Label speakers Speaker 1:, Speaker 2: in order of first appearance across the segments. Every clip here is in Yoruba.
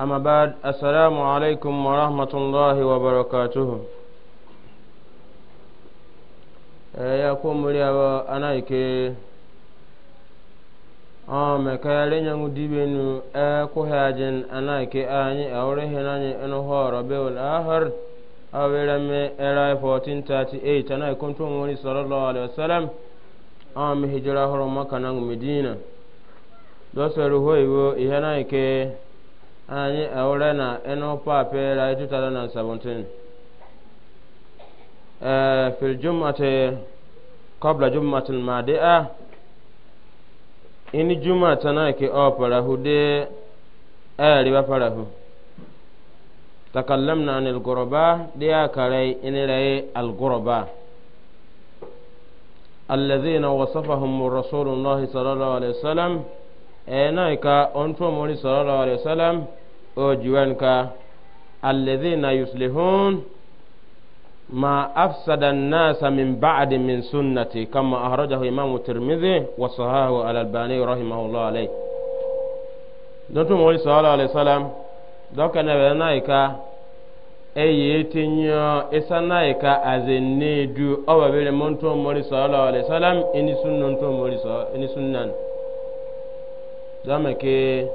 Speaker 1: أما بعد السلام عليكم ورحمة الله وبركاته ya kwomori abo anaike ọ ah, mekayari nyangu dibenu e eh, kuhajin anaike anyi aurehe eh, nanyi enu horo bewul ahar awere me era 1438 anaike kuntu ngoni sallallahu alaihi wasallam ọ ah, mi hijira horo maka nangu medina dosere ho iwo ihe anaike anyị ewere na ịnụpụ apịra 2017 ee filjumati kọbla jumati madi a ini jumata na ke opara hude eri eh, ba farahu takallamna anil ghuraba dia kare ini rai al ghuraba الذين وصفهم رسول الله صلى الله عليه وسلم اينايكا انتم صلى الله عليه وسلم o jiwan ka alladhina yuslihun ma afsada an-nasa min ba'di min sunnati kama ahrajahu imam tirmidhi wa sahahu al-albani rahimahullah alayh dɔntu mɔri sallallahu alaihi wasallam dɔka na bɛ na ika eye tinya isa na ika azenne du ɔba bɛ mɔntu mɔri sallallahu alaihi wasallam ini sunnan tu mɔri sallallahu ini sunnan zama ke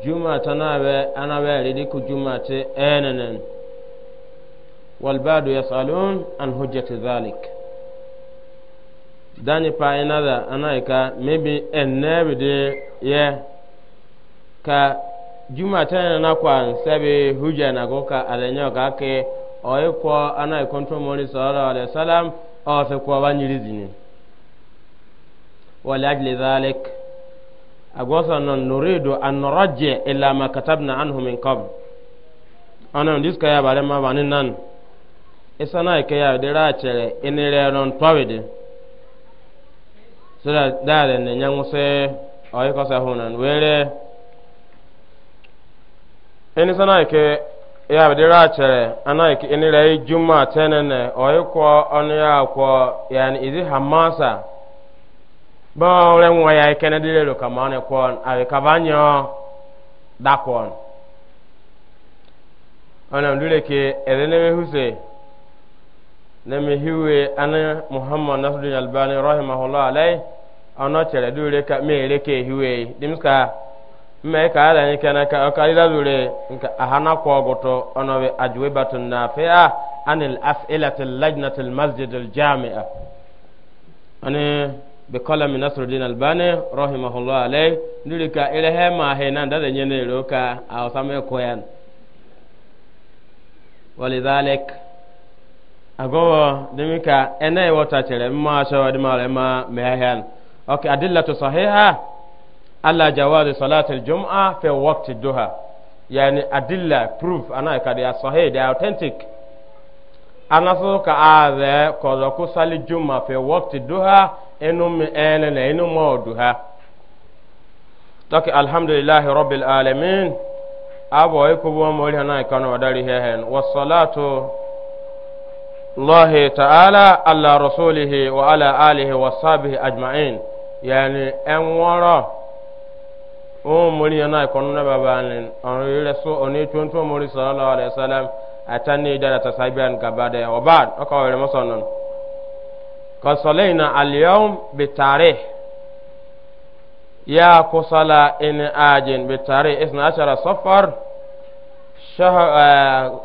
Speaker 1: juma tana be ana be ridi ku juma te enenen wal badu yasalun an hujjati zalik dani pa ina da ana ka maybe enebe de ye ka juma tana na kwa sabe hujja na go ka alenyo ka ke oyi kwa ana kontrol mori sallallahu alaihi wasallam o se kwa wanyiri zini wal ajli zalik agosa non nuridu an nurajji ila ma katabna anhu min qabl ana diska ya bare ma bani nan isana ke ya de ra chere inire non tawide sura dare ne nyanguse oy ko sa hunan were eni sana ke ya de ra chere ana ke inire juma tenene oy ko onu ya ko yani izi hamasa bawre nwa ya ikene dilelo kamane kwon ave kavanyo dakwon ana ndule ke elene me huse ne me hiwe ana muhammad nasruddin albani rahimahullah alai ana chere dule ka me eleke hiwe dimka me ka ala ni kana ka nka ahana goto ajwe batun nafi'a anil بقلم نصر الدين الباني رحمه الله عليه نريك إليه ما هنا ندر ينيروك أو سمي كوين ولذلك أقوى دمك أنا وتاتر ما شو دمار ما مهين أوكي أدلة صحيحة على جواز صلاة الجمعة في وقت الدهى يعني أدلة proof أنا كده صحيح ده authentic أنا سوك هذا كذا كسال الجمعة في وقت الدهى enum enene enum odu ha toki alhamdulillahi rabbil alamin abo ikubo mori hana ikano wadari hehen wassalatu الله تعالى على رسوله وعلى آله وصحبه أجمعين يعني أنورا أمولي أنا يكون نبابان أن رسول أني تونتو مولي صلى الله عليه وسلم أتاني جالة سايبان كبادة وبعد أكوى المصنن kasalina alyawm bitarih ya kusala in ajin bitarih isna ashara safar eh,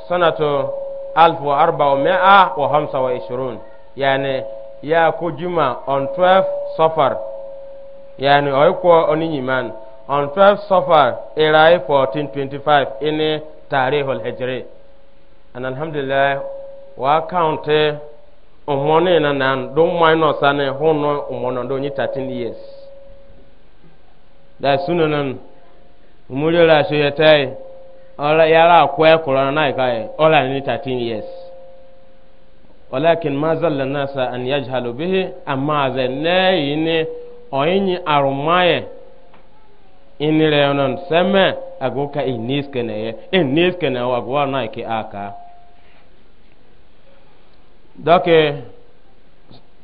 Speaker 1: sanatu alfu arba mea wa hamsa wa ishirun yani ya ko juma on 12 safar yani oy ko oninyiman on 12 safar irai 1425 ini tarihul hijri an alhamdulillah wa counte ɔmɔne na nan don mɔne na ɔsa ne ho no ɔmɔne do 13 years da sunu nan umuri la so yɛ tɛ ya yara akɔ ɛkɔrɔ na ka yɛ ɔla ni thirteen years ɔlakin mazal la nasa an yajhalo bihi amma azɛ nɛ yi ne ɔyi nyi aruma yɛ inire yɛ nan sɛmɛ agoka inis kɛnɛ yɛ inis kɛnɛ wa agwa na ike aka. dɔke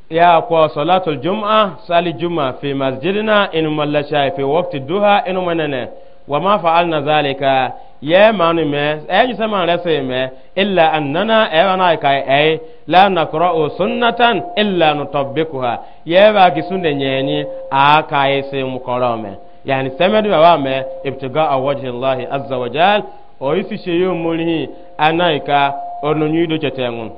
Speaker 1: ya kɔ salatul jum'a sali jum'a fi masjidina inu mallasha fi waqti duha inu manene wa ma fa'alna zalika ya manu me e ni sama rese me illa annana e wana e ka e la naqra'u sunnatan illa nutabbiquha ya ba ki sunne nyeni a ka e se mu korome yani semedu wa me ibtiga wajhi allah azza wa jal o isi sheyo mulhi anaika onu nyido chetengun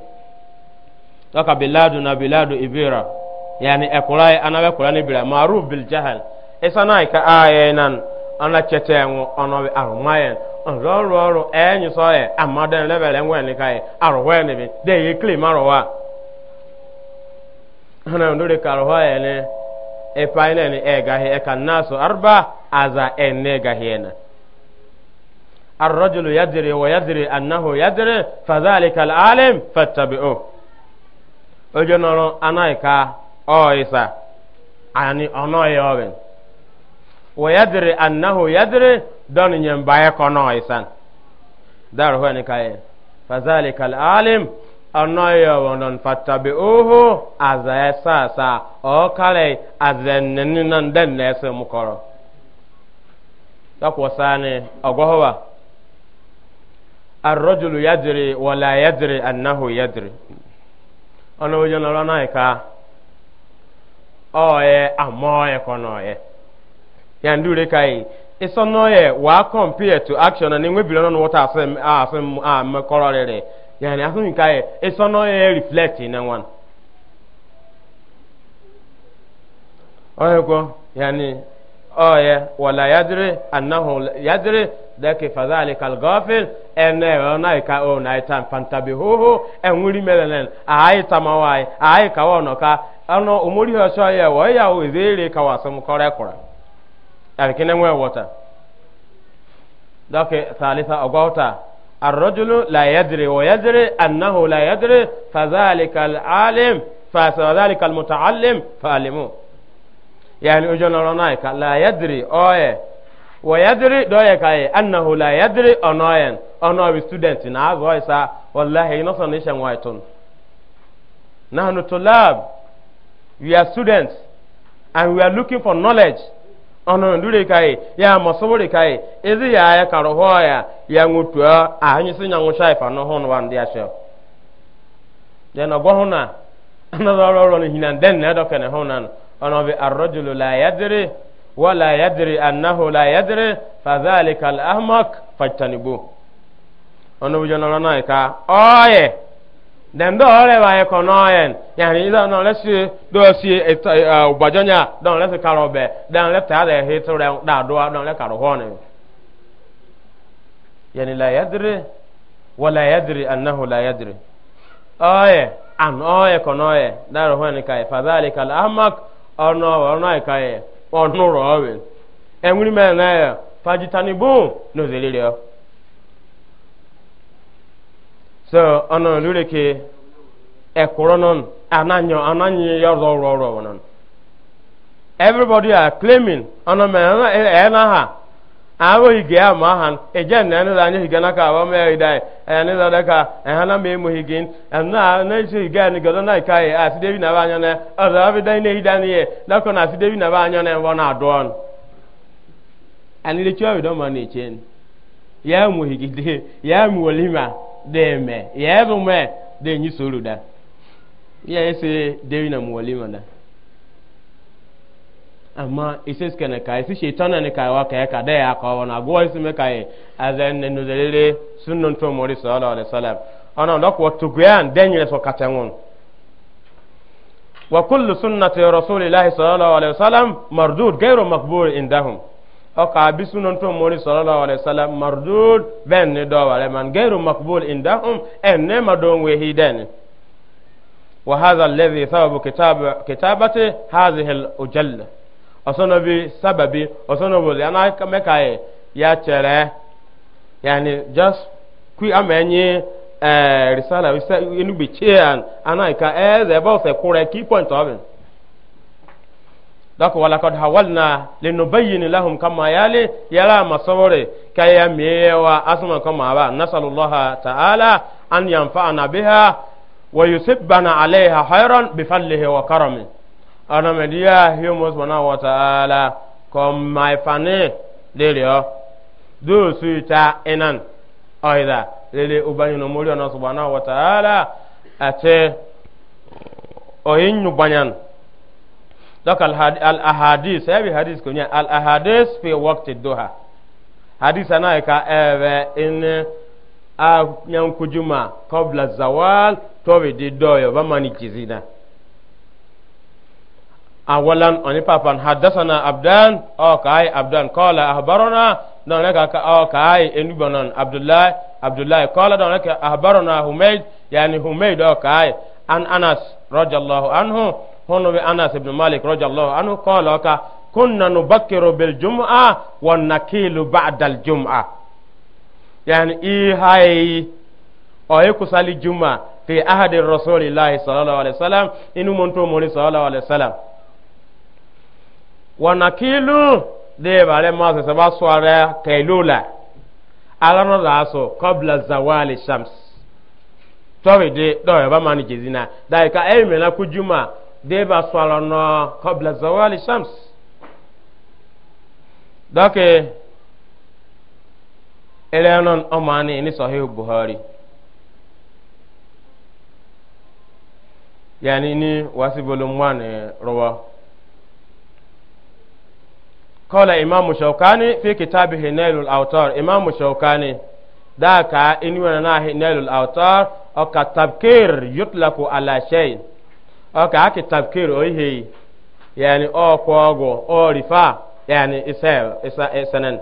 Speaker 1: toka biladu na biladu ibira yani ekurai anawe kurani bila maruf bil jahal isanai ka ayenan ana chetengu ono arumayen nrọrọ ọrụ enyi sọrọ amadọ nlebele nwe nika ye arụwa enebe de ye klim arụwa ana ndori ka arụwa ya ne epa ina ni e gahi e kan arba aza enne gahi ena الرجل يدري ويدري أنه يدري فذلك العالم فاتبعوه ojo nọrọ anaghị ka ọịsa ani ọnọghị ọbịn wayadiri annahu yadiri don nye mbaye kọnọ ọịsan anyị ka ya fazalika alalim ọnọghị ọbọdọn fatabi ohu azaye sasa ọkare azennini na nden na ese mukọrọ takwasani ọgwọhọwa الرجل يدري ولا يدري أنه يدري ọnụ ụjọ nọrọ n'ịka ọyẹ amọọyẹ kọ n'ọyẹ ya ndị ure ka yi ịsọ n'ọyẹ wàá kọmpịa to akshọn na n'enwebiri ọnụ n'ụta asị asị mmekọrọ rịrị ya na asị ka yi ịsọ n'ọyẹ reflect na nwan ọyẹ kwọ ya ni ọyẹ wala yadiri anahu yadiri dake fadhali kalgafil ene ona ka ona itan pantabi hoho enwuri melenen ai tamawai ai ka wono ka ano umuri ho so ye wo ya o zere ka wasum kore kora arkine nwe wota dake thalitha ogota الرجل لا يدري ويدري أنه لا يدري فذلك العالم فذلك المتعلم فعلمه يعني أجل لا يدري أوه wa yadiri dɔye ka ye annahu la yadiri ɔnɔyen student na azɔ isa wallahi ino sɔn ni we are students and we are looking for knowledge Ọnụ ndure ka ya masuburi ka ye ezi ya ya karo hɔ ya ya ŋutua a ah. hanyi ah, si nwụcha ifa wa ndi Ya na na na la ولا يدري أنه لا يدري فذلك الأحمق فاجتنبوه ono bujo no na ka oye dem do ore ba ko no en ya ni do no lesi do si ubajo nya do lesi karo be dan le ta le hitu re da do do le karo ho ne yani la yadri wala yadri annahu la yadri oye an oye ko no ye da ka fa zalika al ahmaq ono ono ka ye ọ̀nùrọ̀ ọ̀wìn ẹ̀wìn mẹ́rin náà yẹ fajitanibun n'ozèlè ọ so ọ̀nà lórí ke ẹ̀kúrọ̀ nọ anányọ anányẹ yọrọ rọrọ wọn everybody are claiming ọ̀nà mẹ́rin e, e ha. awo hige a ma han eje na ne hige na ka wa me ida e ne za da ka e ha na me mu hige na na hige ni na ka e asi devi na banyo ne o za bi dai ne hida ne ye na ko na asi devi na banyo ne wo na do on ani le do ma ne chen ya mu hige de ya mu olima amma isis kene kai si shaitana ne kai wa kai ka da ya ka wa na go isi me kai azan ne no dele sunnun to mori sallallahu alaihi wasallam ana lok wa tugyan denye so katangon wa kullu sunnati rasulillahi sallallahu alaihi wasallam mardud ghairu maqbul indahum o ka bi sunnun to mori sallallahu alaihi wasallam mardud ben ne do wale man ghairu maqbul indahum en ne madon we hiden وهذا الذي ثوب كتاب كتابة هذه الأجلة osono bi sababi osono bo yana meka ye ya chere yani just kui amenye eh risala we say enu bi chean anaika eh the boss e kure key point of it dako wala kad hawalna linubayyin lahum kama yali yala masawri kaya miyewa asma kama ba nasallallahu ta'ala an yanfa'ana biha wa yusibbana alaiha khairan bi fadlihi wa karamihi ana mediya hiyomo subhanahu wa ta'ala ko mai fane lelio du su ta enan oida lele ubanyu no muri ona subhanahu wa ta'ala ate oyinyu banyan dok hadis ko nya al ahadis fi waqti duha hadis ana ka eve in a nyankujuma qabla zawal tobe di doyo bamani kizina awalan oni papan haddathana abdan o kai abdan qala ahbarana don leka ka o kai enubanan abdullah abdullah qala don leka ahbarana humayd yani humayd o kai an anas radiyallahu anhu hono be anas ibn malik radiyallahu anhu qala ka kunna nubakkiru bil jum'a wa nakilu ba'da al jum'a yani i hay o e kusali jum'a fi ahadi rasulillahi sallallahu alaihi wasallam inu monto mori sallallahu alaihi wasallam wanakilu de bare ma se ba sware kailula alano da so qabla zawali shams tobe de do ba mani jezina daika ka e na kujuma deba ba swara no zawali shams dake ele non o mani ni sahih buhari yani ni wasi bolu 1 rawa قال إمام شوكاني في كتابه نيل الأوتار إمام شوكاني ذاك إن وناه نيل الأوتار أو كتبكير يطلق على شيء أو كتبكير أيه يعني أو كواغو أو رفا يعني إسا إسا إسنن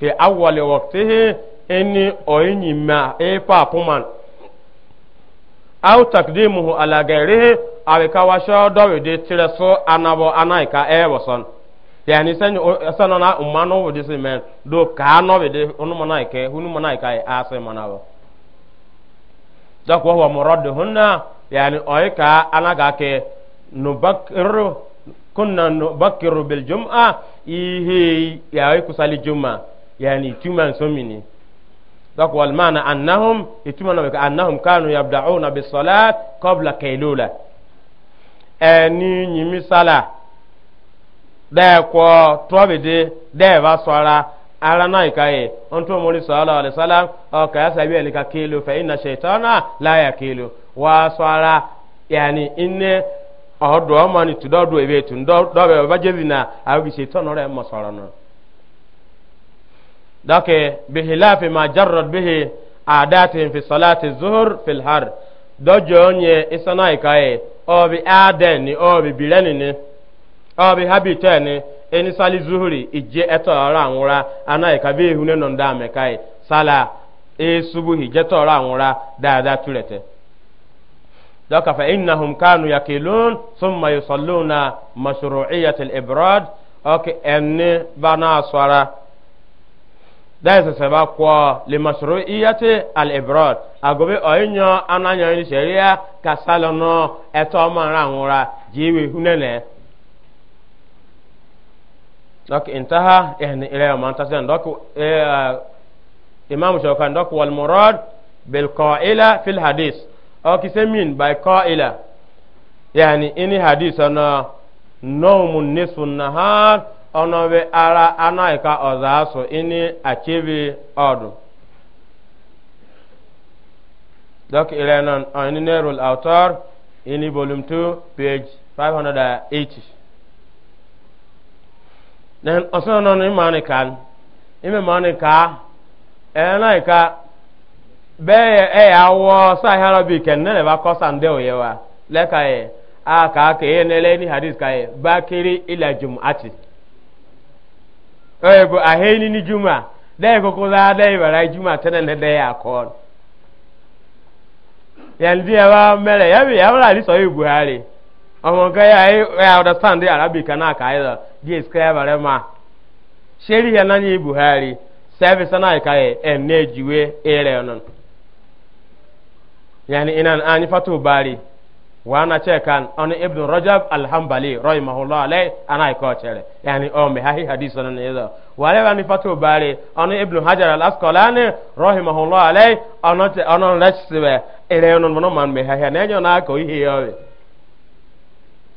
Speaker 1: في أول وقته إني أيني ما إيبا بومان أو تقديمه على غيره أو كواشو دوي دي ترسو أنا بو أنا إيكا إيبسون yani sanyo sana na umano wo disi men do ka no be de onu mana ke hunu mana ka ase mana wo da ko wa murad hunna yani oy ka anaga ke nubakiru kunna nubakiru bil jum'a ihe ya oy kusali jum'a yani tuman somini ذاك والمعنى أنهم يتمنى أنهم كانوا يبدعون بالصلاة قبل كيلولة أني نمي صلاة dẹ́ẹ̀kọ́ tọ́bìdì dẹ́ẹ̀bá sọ́ra ara náà ìkàyè ohun tó mú ní sọ́ọ́lọ́ ọ̀lẹ́sálá ọkà ẹ̀ sàbí ẹ̀nìkà kìlò fẹ́ iná ṣètọ́ náà láyà kìlò wà sọ́ra yàní iné ọ̀dọ̀ ọmọ ni tùdọ́dọ̀ ìwé tù dọ́bẹ̀ ọba jẹ́bi náà àwọn ìṣètọ́ náà rẹ̀ mọ̀ sọ̀rọ̀ dọ́kì bihi láàfin máa jarọ̀ bihi àdáàtì fi sọ́lá ti zuhur filhar dọ́jọ́ onye bìrẹ́ni ọ bụ habi ten eni sali zuhuri ije eto ọrụ anwụra anaghị ka bee ehune nọ ndị amekai sala esubuhi jeto ọrụ anwụra daada turete dọka fa innahum kanu yakilun summa yusalluna mashru'iyat al-ibrad ok enni bana aswara da isa saba kwa le mashru'iyat al-ibrad agobe oyinyo ananyo ni sheria ka salono eto ọmọ anwụra jiwe hunene donc intaha ihni eh, ila man tasan donc eh, uh, imam shawkan donc wal murad bil qa'ila fil hadith o kisemin by qa'ila yani ini hadith ana nawmun nisfu nahar ono be ara anaika ozaso ini achivi odu donc ila non ini nerul autor ini volume 2 page 580 na ọsàn nọ ní mmanụ ka ime mmanụ ka ka yà wọ sáà arabic ẹnna lè ba kọ sàndé òye wa lẹka yẹ a kà á kà yẹ nílẹ ka yẹ bakiri ilà jùm àti ẹ bọ ahẹ́ ní ní jùmọ̀ dẹ́yẹ di ya bi yi buhari. ọmọ nǹkan ẹ ẹ understand the arabic náà kà ẹ lọ di escribe rẹ ma ṣeré yẹn náà ní buhari service náà kà ẹ ẹ ní ẹjìwé ẹ rẹ ọ̀nà yẹn iná anyi fatu bari wàhánà kyẹ kan ọni ibn rajab alhambali rọyìn mahulah alẹ anáà kọ ọkyẹrẹ yẹn ọ mẹhahi hadith ọ̀nà nìyẹn lọ wàhánà anyi fatu bari ọni ibn hajar alaskolani rọyìn mahulah alẹ ọ̀nà ọ̀nà rẹ ṣiṣẹ bẹ ẹ rẹ ọ̀nà mọ̀nà mọ̀nà mẹhahi ẹ̀ náà ẹ̀yẹ ọ̀nà akọ ihe yẹ ọ̀rẹ́.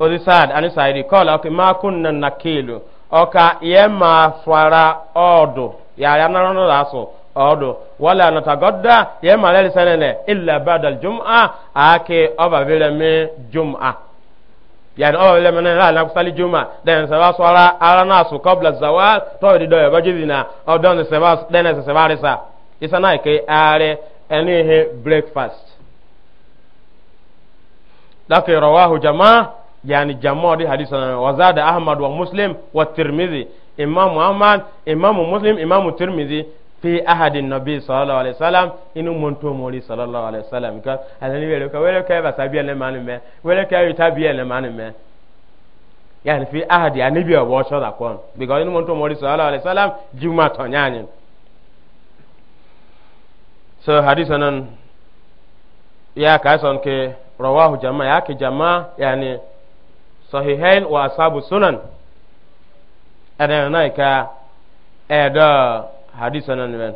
Speaker 1: ozi sad ani saidi kola ok ma kunna oka ye ma fara ya ya na no da so odu wala natagadda ye ma lele sanene illa ba'da aljum'a ake oba vile me jum'a yani oba vile me la na kusali jum'a den se ba swara ala na so qabla zawal to di do ye bajidina odon se ba den se ba resa isa na ke are eni he breakfast لكن رواه yani jamaa di hadisa na wazada ahmad wa muslim wa tirmidhi imamu ahmad imamu muslim imamu tirmidhi fi ahadin nabi sallallahu alaihi wasallam inu monto mori sallallahu alaihi wasallam ka alani wele ka wele ka ba sabiya le manu me wele ka yuta biya le manu me yani fi ahadi anibi obo sho da kon because inu monto mori sallallahu alaihi wasallam juma to nyanyin so hadisa nan ya ka son ke rawahu jamaa ya ke jamaa yani sahihain wa ashabu sunan ɛdɛn na ka ɛdɔ hadisa nan men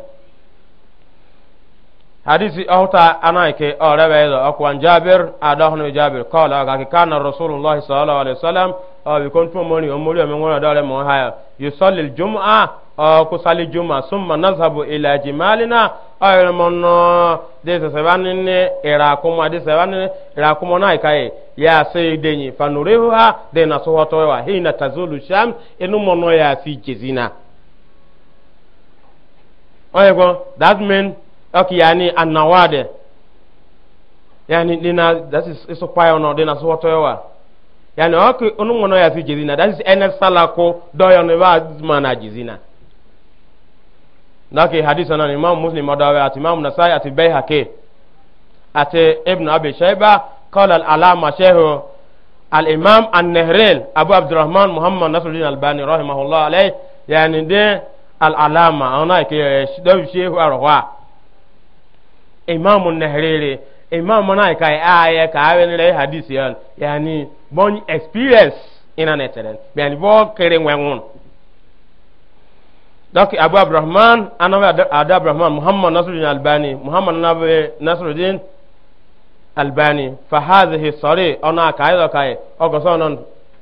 Speaker 1: hadisi ɔhuta anaike ɔrɛbɛ yɛdɔ ɔkuwan jabir adɔhunu jabir kɔɔla ɔka ki kana rasulullah sallallahu alaihi wasallam ɔbi kɔntun mɔni ɔmɔri ɔmi ŋɔnɔ dɔwɛrɛ mɔn haya yusɔli jum'a ɔkusali jum'a summa nazabu ila jimalina ɔyɛrɛ mɔnɔ de sɛsɛbani ne irakuma de sɛbani ne irakuma na ika ye ya se denyi fanurihu ha de na so hɔtɔ wa hina tazulu sham inu mɔnɔ ya si jezina oye ko that mean okay yani anawade yani dina that is iso payo no dina so hɔtɔ wa yani okay inu mɔnɔ ya si jezina that is enel salako doyo ne ba mana jezina nake hadith na imam muslim madawi ati imam nasai ati bayhaqi ati ibn abi shayba qala al alama shehu al imam an nahril abu abdurrahman muhammad nasruddin albani rahimahullah alayh yani de al alama ona ke dawi eh, shehu arwa imam an nahril imam mana eh, ka aya ka awen le hadith yan yani bon experience ina neteren yani bo kere wengun donc abu abdurrahman anabe ada abdurrahman muhammad nasruddin albani muhammad anabe nasruddin albani fahadhihi sari ona kai do kai o go sonon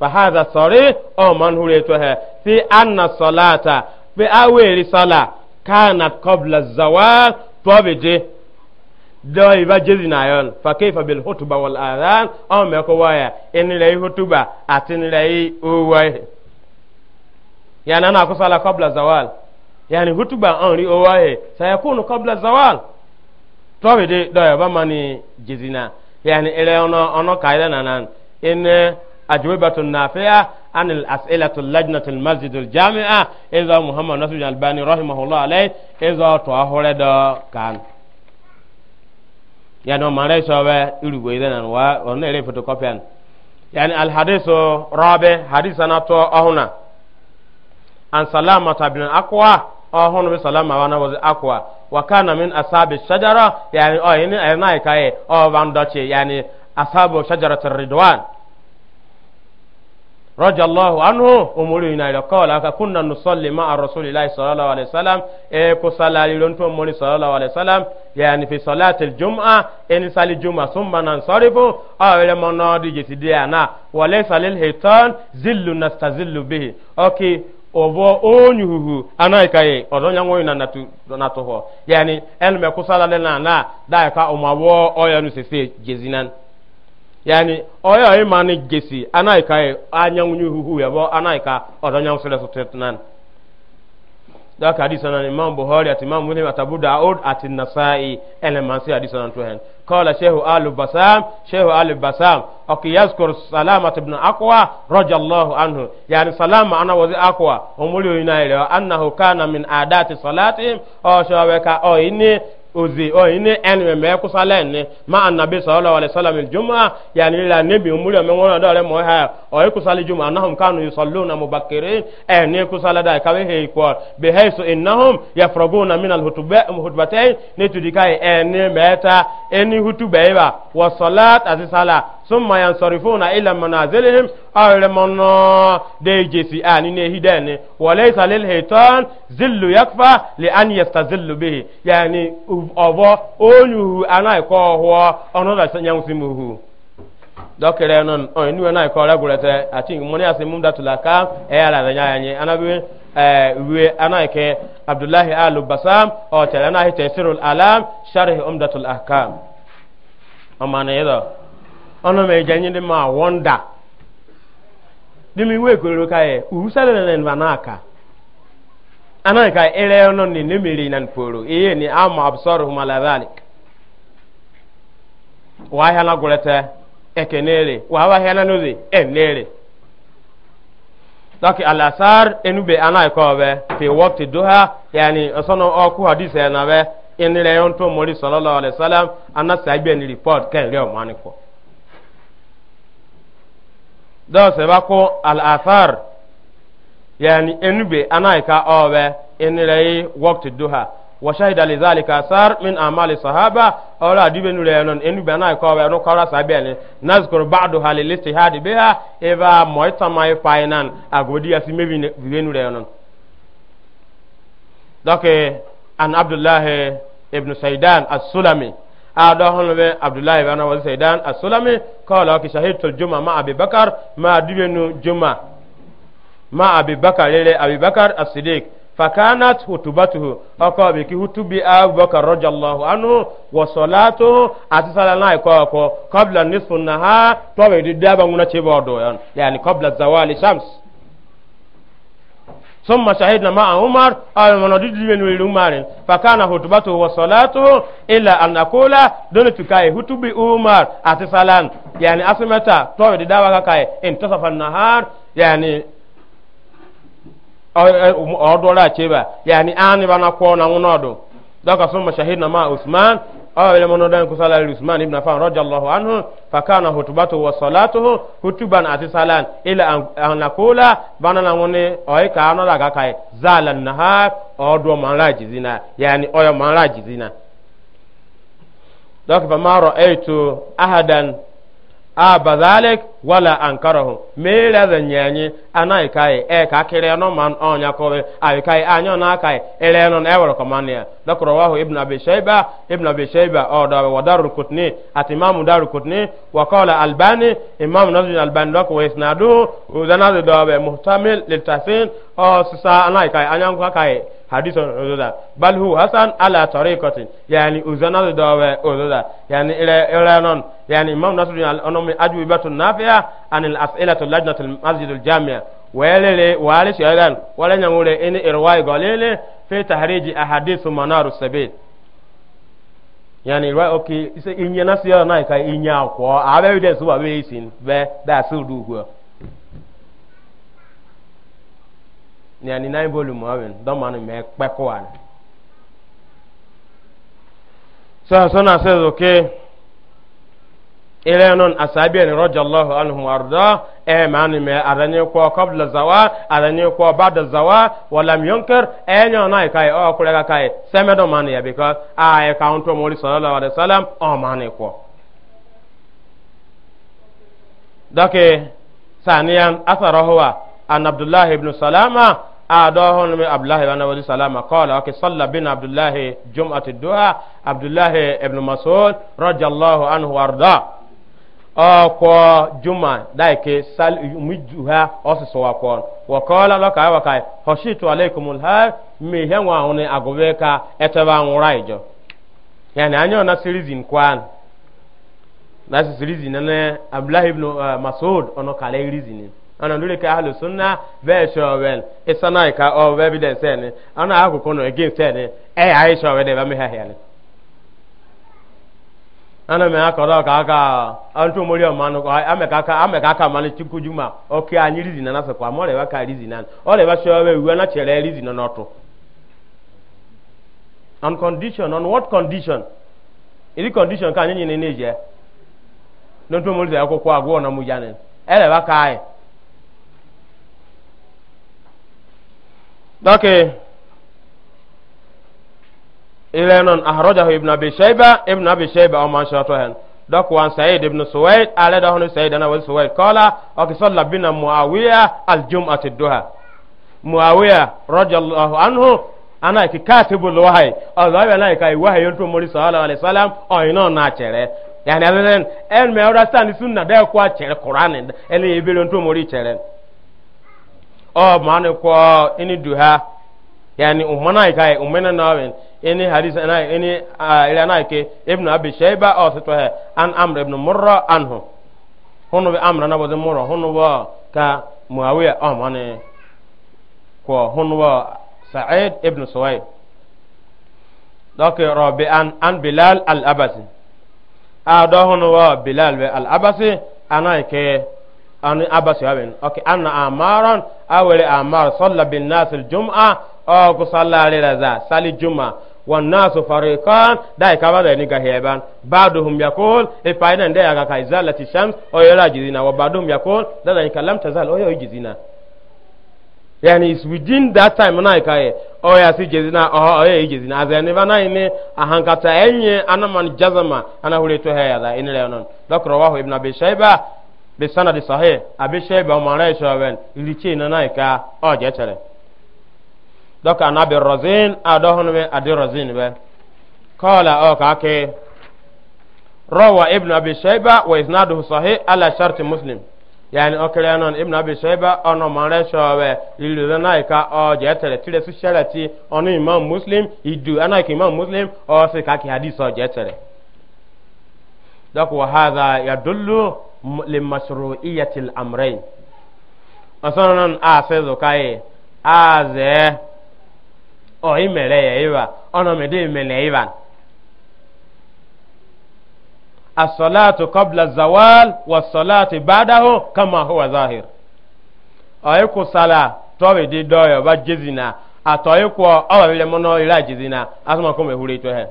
Speaker 1: fahadha sari o man hure to he fi anna salata bi aweri sala kanat qabla zawal tobide do iba jezi na yon fa kayfa bil hutba wal adhan o me ko waya en lei hutba atin lei o waya yana na kusala qabla zawal yani hutuba onri owaye sayakunu kabla zawal tobe de doya ba mani jizina yani ele ono ono kaida nanan in ajwabatu nafi'a عن الأسئلة اللجنة المسجد الجامعة إذا محمد نصر الألباني رحمه الله عليه إذا تأهل كان يعني ما ليس هو يلقوا إذن ونرى فوتوكوبيان يعني الحديث رابع حديثنا تو أهنا an salama tabin akwa ahono bi salama wana wazi akwa wa kana min asabi shajara yani o yini ayna eh, kai o ban doce yani asabu shajaratir ridwan radiyallahu anhu umuri ina ila qala ka kunna nusalli ma'a rasulillahi sallallahu alaihi wasallam e ko salali lon to moni sallallahu alaihi wasallam yani fi salati aljum'a in sali jum'a thumma nansarifu awele monodi jesidia na wa laysa lil hitan zillu nastazillu bihi okay ọ onye ọnụ huhu anaghịkwa gị ọdụnyàṅụ na-atụ ya yaa ni elu ma na na daa ịka ụmụ agbọghọ ọhịa n'usezie gezi na yaa ni ọhịa ịma n'egesi anaghịkwa gị anyanwụ hụhụ ya bụ ọnaghịkwa ọdụnyàṅụ fụlọọfụ tụtụ na. ذاك حديث عن الإمام بخاري عن الإمام مسلم عن أبو داود عن النسائي إلى ما سي حديث عن توهن قال شيخ آل بسام شيخ آل بسام أكي يذكر سلامة بن أقوى رضي الله عنه يعني سلامة أنا وزي أقوى أمولي ينايل أنه كان من عادات صلاتهم أو شوابك أو إني ozi o oh, ini enwe me kusale ni ma annabi sallallahu alaihi wasallam jumaa yani la nabi umuri me ngona dole mo ha o oh, kusale jumaa nahum kanu yusalluna mubakkirin e eh, ni kusala da kawe he ko bi haisu innahum yafraguna min alhutuba hutbatayn ne tudikai e eh, ni meta eni hutuba wa salat azisala summa yansarifuna ila manazilihim awre mono de jesi ani ne hidene walaysa lil hitan zillu yakfa li an yastazillu bihi yani obo onyu ana ko ho ono da sanyam simuhu dokere non on ni na ko regulate ati moni asimum datulaka e ala da nyanye anabi we ana ke abdullahi alu basam o tele na hi e, tafsirul alam sharh umdatul ahkam amana yedo ọnụ ma eji anyịdị ma wọnda dịmi wee kwere ka ya e, urusala na nva n'aka anaghị ka ere ọnụ na nemiri na nforo ihe ni ama absorb malavali wa ahịa na gwụrịta ekenere wa ahịa na n'ozi enere dɔki alasar enu be ana ikɔ bɛ fi wɔkiti doha yani ɔsɔnɔ ɔku hadisi ɛna bɛ enire yɔn tó mori sɔlɔlɔ alayisalam ana sagbɛni report kɛn rɛ ɔmani kɔ. dɔw sɛbɛ ko al'asar yani enube ana ka ɔbɛ enira ye wɔkti duha wa shahida li zalika asar min amali sahaba awla adibe nure non enube ana ka ɔbɛ no kɔra sabe ne nazkur ba'daha lil istihad biha eva moita mai fainan agodi asi mebi ne nure non dɔke an abdullahi ibn saidan as-sulami adahun be abdullahi ibn abi saidan as-sulami qala ki shahidtu al-juma ma abi bakar ma dibenu juma ma abi bakar lele abi bakar as-siddiq fakanat hutubatuhu ọkọ bi ki hutubi abubakar rajallahu anhu wa salatuhu ati salana ikọ ọkọ qabla nisfu nahar tọbe di daba nguna chebo odo yan yani qabla zawali shams ثم شهدنا مع عمر أو من ندد من عمر فكان خطبته وصلاته إلا أن أقول دون تكاي خطب عمر أتسالان يعني أسمتا توي دعوة كاي انتصف النهار يعني أو دولا تشيبا يعني أنا بنا كونا ونادو دوكا ثم شهدنا مع عثمان awa wele mono dan ku sala Usman ibn Affan radiyallahu anhu fa kana hutbatu wa salatuhu hutuban ati salan ila an nakula bana na ngone oy ka ano daga kai zalan nahar manraji zina yani oyo manraji zina dak ba maro aitu ahadan abadhalik wala ankarahu mere da nyanyi anai kai e ka kire no man onya ko ai kai anyo na kai ele no na ewro komania dakro wahu ibn abi shayba ibn abi shayba o da wa darul kutni at imam darul kutni wa qala albani imam nazir albani dak wa isnadu udana da be muhtamil lil tahsin o sisa anai kai anyo kai hadith on ozoda bal hu hasan ala tariqati yani uzana do we ozoda yani ila ila non yani imam nasruddin al-anami ajwibatu nafi'a anil as'ilatu lajnatul masjidul jami'a welele wale shayran wale nyamule ini irwai golele fi tahriji ahadithu manaru sabil yani irwai oki ise inyana siya na ka inya ko abe evidence wa be isin be da su dugo yani nine volume awen don manu me kpeko an so so na says okay ile non asabiyan radiyallahu anhu arda e manu me aranye ko qabla zawa aranye ko ba'da zawa walam yunkir e nyo na kai o kure ga kai seme don manu ya because a e count to mori sallallahu alaihi wasallam o manu ko dake saniyan asarahu an abdullah ibn salama adohon mi abdullahi wa nabi salama qala okay salla bin abdullahi jum'ati duha abdullahi ibn mas'ud radiyallahu anhu warda akwa juma daike sal mujuha osiso wakon wa qala laka wa kai hashitu alaikumul hay mi yanwa hone agobeka etaba nguraijo yani anyo na series kwan na series nene abdullahi ibn mas'ud ono kale series ana ndị ka ahlu sunna be showel isana ka ọ bụ evidence ene ana aku kono against e ene e ai showel de ebe me ha hele ana me akọrọ ka aka antu mori omanu ka ame ka aka ame chukwu juma oke anyi rizi na nasa ma mọrọ wa ka rizi na ọ le ba showel uwe na chere rizi na n'ọtụ on condition on what condition ili condition ka anyị nyine na-eje n'otu omori akwụkwọ agwọ na mu ya ne eleba ka anyị dɔke ilẹ̀ nọ ahọ́rọ́jà ibn abi shaiba ibn abi shaiba ọmọ aṣọ́tọ̀ hẹn dɔk wan sayid ibn suwaid ale dɔ hɔn sayid ana wali suwaid kɔla ɔkisɔ labina muawiya aljum ati duha muawiya rɔjallahu anhu ana ki katibu lwahi ɔzɔ bɛ na ka iwahi yontu mori sallallahu alaihi wasallam ɔyinɔ na kyerɛ yani ɛn mɛ ɔrɔ sani sunna dɛ kɔ a kyerɛ kuran ɛn yɛ mori kyerɛ o oh, mani ko ini duha yani umana kai umena nawen ini hadis ana ini ah, ila na ke ibnu abi shayba o oh, to he an amr ibn murra anhu hono be amra na bodo murra hono wa ka muawiya o oh, mani ko hono wa sa'id ibn suwayd doke robe an an bilal al abasi a ah, do hono wa bilal be al abasi ana ke an abasi aben ok anna amaran awere amar salla bin nas al jum'a o ku salla raza sali jum'a wan nasu fariqan dai ka bada ni gaheban baduhum yaqul e faida nda yaga ka izalati shams o yara jizina wa baduhum yaqul da da kalam tazal o yo jizina yani is within that time na ka e o ya si jizina o o ye jizina azani bana ni ahankata enye anaman jazama ana huleto heya da inle non dokro wahu ibn abi shayba bisanadi sahih abi shayba umara ishawen ilichi na naika oje chere doka na bi rozin adohun be adi rozin be qala o ka ke rawa ibn abi shayba wa isnaduhu sahih ala sharti muslim yani okere non ibn abi shayba ono mara ishawe ilu na naika oje chere tire su sharati ono imam muslim idu anaika imam muslim o se ka ki hadith oje chere doka wa hadha yadullu لمشروعية الأمرين أصلاً آسيزو كاي آزي أو إملي إيوا أنا مدي إملي إيوا الصلاة قبل الزوال والصلاة بعده كما هو ظاهر أيكو صلاة توي دي دوية بجزنا أتويكو أو لمنو إلا جزنا أسمع كم يهولي توهي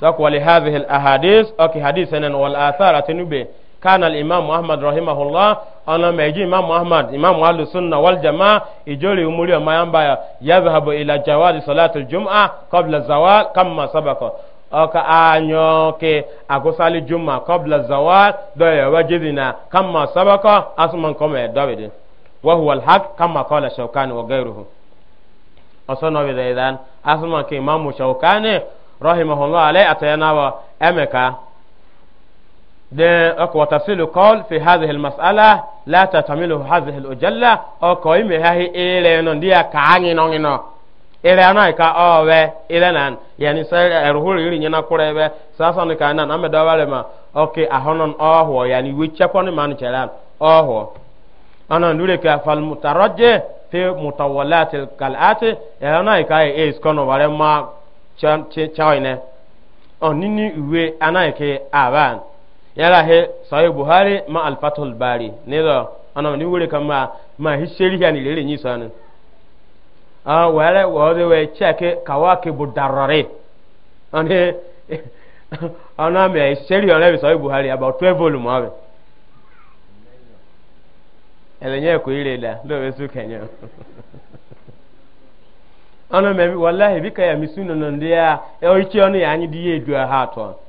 Speaker 1: تقوى لهذه الأحاديث أو كي حديثنا والآثار تنبي kana imam muhammad rahimahullah ana meji imam muhammad imam ahlus sunna wal jamaa ijori umuri ma yambaya yadhhabu ila jawadi salati aljum'a qabla zawal kama sabaqa aka anyo ke agusali juma qabla zawal do ya wajidina kama sabaqa asman kama dawidi wa huwa alhaq kama qala shawkani wa ghayruhu asana bi daidan asman ke imam shawkani rahimahullah alai atayana wa ameka de oko watasilu kol fi hadhihi almas'ala la tatamilu hadhihi alujalla oko ime hahi ile no ndia kaangi no ngino ile ana ka owe ile nan yani sai eh, ruhuri iri nyina kurebe sasa ni ka nan eh, amedo e, e, wale ma oke ahonon ohwo yani wiche kwani man chela ohwo ana ndure ka fal mutarajje fi yala he sahih buhari ma al fathul bari ne ana ni wure kan ma ma hisheri ya ni lere ni sanin a wala wa de we check kawake budarare ane ana me hisheri ya le sahih buhari about 12 volume awe elenye ko ile la do we su kenya ana me wallahi bika ya misuna e onu ya di edu ha to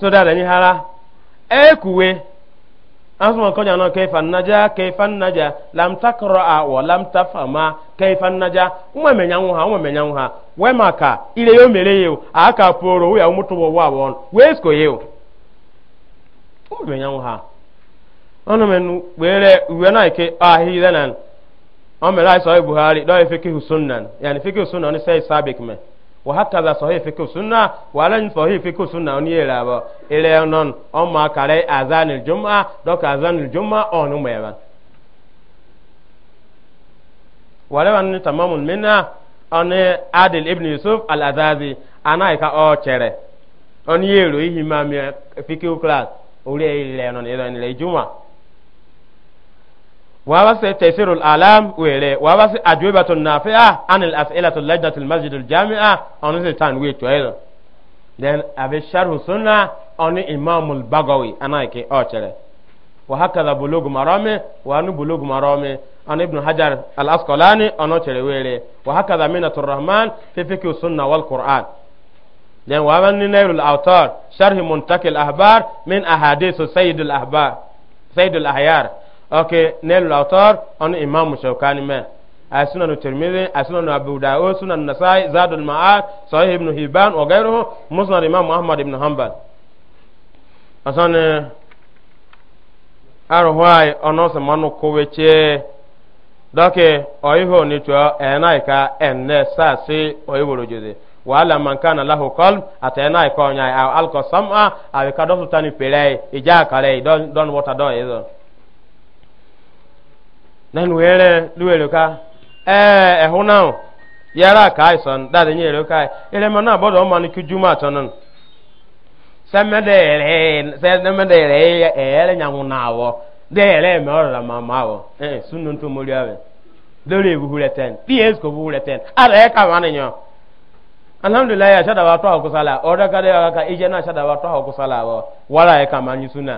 Speaker 1: so that any hara ekuwe asuma konya no kaifa naja kaifa naja lam takra wa lam tafama kaifa naja umma menya nwa umma menya nwa we maka ile yo mere yo aka poro ya umutu wo wa won we sko yo umma menya nwa ono menu were uwe na ke ahi denan o mere ai so buhari do ife ki husunnan yani fiki husunnan sai sabik me وهكذا صحيح فيك سنة ولا صحيح فيك سنة وني لا إلى أن أما كاري أذان الجمعة دوك أذان الجمعة أو نميرا ولو أن تمام منا أن عادل ابن يوسف الأزازي أنا إكا أو تشري أن يلو إيه ما فيك كلاس أولي إلى أن إلى الجمعة وابس تيسير الآلام ويلي وابس أجوبة نافعة عن الأسئلة لجنة المسجد الجامعة أنو سيطان ويتو أيضا لأن أبي شرح سنة أنو إمام البغوي أنا يكي أوتري وهكذا بلوغ مرامي وأنو بلوغ مرامي أن ابن حجر الأسقلاني أنو تري ويلي وهكذا منة الرحمن في فقه السنة والقرآن لأن وابن نير الأوتار شرح منتقي الأخبار من أحاديث سيد الأخبار سيد الأحيار ok ne lautar on imam shaukani me a sunan tirmidhi a sunan abu da'ud sunan nasai zadul ma'ad sahih ibn hibban wa ghayruhu musnad imam ahmad ibn hanbal asan eh, arwai ono se manu koweche doke oiho ni to enaika enne sasi oiworo jode wala man kana lahu qalb atena ikonya al alqa sam'a awikadofu tani pelai ija kale don don wota do izo nan were luwere ka ee ehu na yara ka aisan dadi nye ere ka ere ma na bodo ma ni kuju ma tanan ere ẹrẹ de ere ẹrẹ nyanwu na awọ dẹ ẹrẹ mẹ ọrọ la ma ma awọ ẹ sunu tó mori awẹ lórí ebuhu rẹ tẹn ps kò buhu rẹ tẹn ara ẹ kà wà ni yàn alhamdulilayi aṣadàwà tó àkóso àlà ọdọ kadà yà wà ká ijẹ náà aṣadàwà tó àkóso àlà wọ wàrà ẹ kà má nyi sunu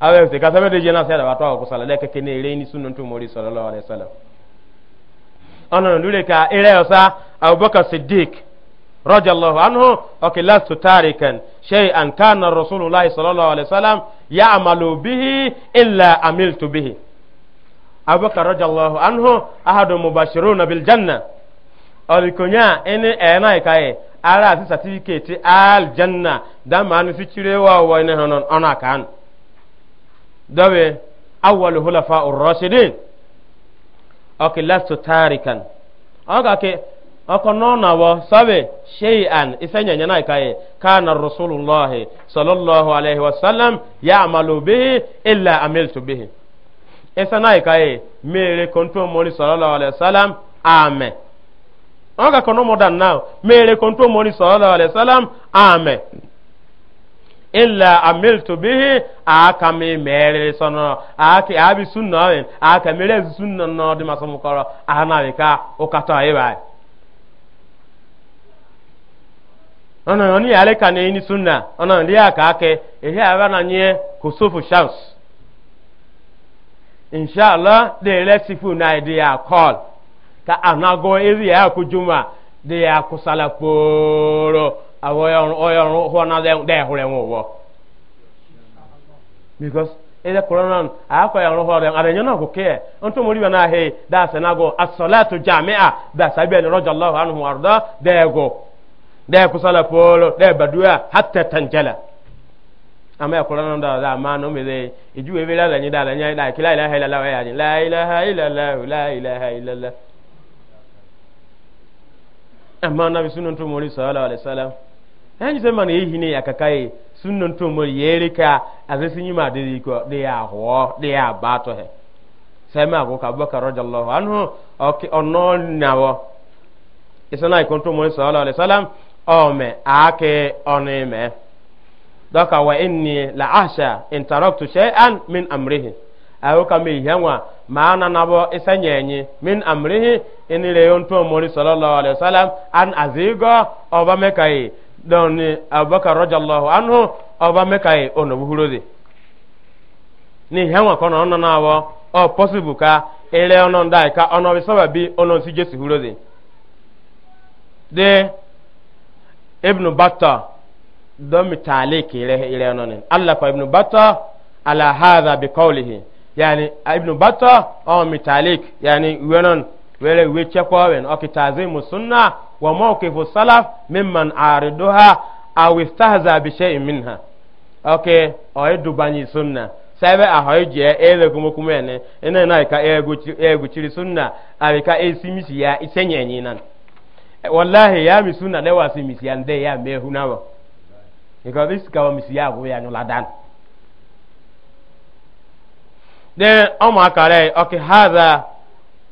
Speaker 1: awe se ka sabe je na se da to ko sala le ke ne re ni sunnon to mori sallallahu alaihi wasallam ana no ka ire yo sa abubakar siddiq radiyallahu anhu okay lastu tarikan shay'an kana rasulullah sallallahu alaihi wasallam ya'malu bihi illa amiltu bihi abubakar radiyallahu anhu ahadu mubashiruna bil janna olikonya ene ena ikaye ara ati certificate al janna da manu fi chirewa ne hanon ona kan dɔbɛ awali hulafa rɔsidi ɔkè lastu taarikan ɔkè ake ɔkò nɔɔna wɔ sɔbɛ shey an isɛ nyanyana ka ye kaana rasulillahi sallallahu alayhi wa sallam yaamalu bihi illa amiltu bihi isɛ na ka ye meere kɔntɔn mɔni sallallahu alayhi wa sallam aamɛ ɔkè kɔnɔ mɔdan na meere kɔntɔn mɔni sallallahu alayhi wa sallam aamɛ. illa amiltu bihi aka mi mere sono aka abi sunna en aka mere sunna no de masum koro ana be ka o kata ayi bai ona oni ale ka ne ni sunna ona ndi aka ake ehe aba na nye kusufu shams inshallah de resifu na idea call ka anago area akujuma de akusala poro awo yɔn yɔn hɔ na dɛ dɛ hore ŋo wɔ because ele kɔrɔna a kɔ yɔn hɔ dɛ ada nyɔna ko kɛ n tó mori bɛ n'a he da sɛnɛ ko asɔlɛtu jami'a da sabiya ni rɔja allahu anhu arda dɛ go dɛ kusala polo dɛ baduya hatta tanjala an bɛ kɔrɔna da da ma no mi de iju ebi la lanyi da lanyi da kila ilaha ilala wa yaani la ilaha ilala la ilaha ilala amma nabi sunan tó anyị sị ma na ehi e, na ya kaka yi sunna ntomori ya eri ka azesi nyima dị iko dị ya ahụọ dị ya aba atọ ha sami abu ka abubakar rajallahu anhu ọnọ nawo isana ikon ntomori sallallahu alaihi wasallam ome ake ọnụ ime dọka wa inni la asha interrupt shay'an min amrihi awo ka me yanwa maana nabo isanyenyi min amrihi inile yonto mori sallallahu alaihi wasallam an azigo oba mekai dɔnni abubakar rɔjallahu anhu ɔba mɛkaye ɔnɔ buhurode ni hɛn wa kɔnɔ ɔnɔ naa wɔ ɔ pɔsibu ka ɛlɛ ɔnɔ da yi ka ɔnɔ bi saba bi ɔnɔ si jesu hurode de ibnu bata dɔmi taale kele ɛlɛ ɔnɔ ni ala ko ibnu bata ala haza bi kɔlihi yaani ibnu bata ɔn mi taale yaani wɛnɔni. were we chekwawen okitazimu sunna wa mawqifu salaf mimman ariduha aw istahza bi shay'in minha okay oy dubani sunna sɛbɛ ahɔyi jɛ ɛlɛ kumu kumu ɛnɛ ɛnɛ n'a yi ka ɛgutsiri sunna a yi ka esi misiya isɛnyɛ nyina e, walahi ya mi sunna ne wa se misiya n de ya mɛ huna wɔ nka bi sika wa misiya ko ya nyola dan de ɔmɔ akarɛ ɔke haza.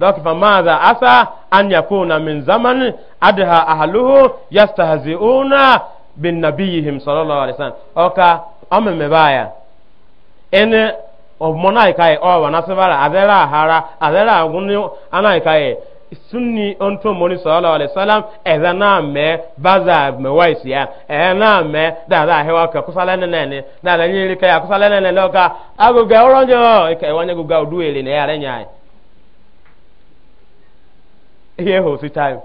Speaker 1: donc famaza asa an yakuna min zaman adha ahluhu yastahzi'una bin nabiyihim sallallahu alaihi wasallam oka ameme baya ene omona ikai o wana sebara adela hara adela aguni ana ikai sunni onto moni sallallahu alaihi wasallam ezana me baza me waisi ya ena me da da hewa ka kusala nene ne da da nyiri ka kusala nene loka aguga oronjo ikai wanya guga oduele ne ya renyai ihe si taịm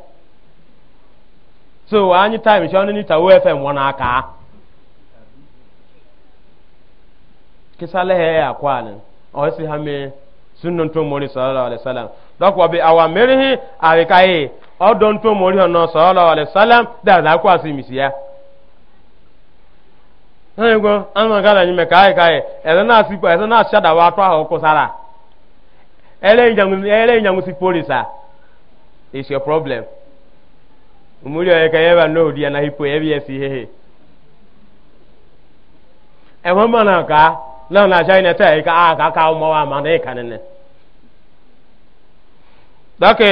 Speaker 1: so anyị taịm shi ọnụ nita wo fm wọn aka kisa ya ọ si ha mee sunna tó mori sọlọ alẹ sálám bi awa hi àríkàyè ọdọ tó mori ọ̀nà sọlọ alẹ sálám dàdà kó àti mìsíyà. nínú ìgbọ́n na ọ̀gá lẹ́yìn mẹ́ka àríkàyè ẹ̀rọ na sí ẹ̀rọ na ṣàdàwọ̀ polisa. is your problem umuri oye ka yeba no dia na hipo yebi si hehe e won ma na ka na na jai na ta ka a ah, ka ka mo wa ama na ka ne dake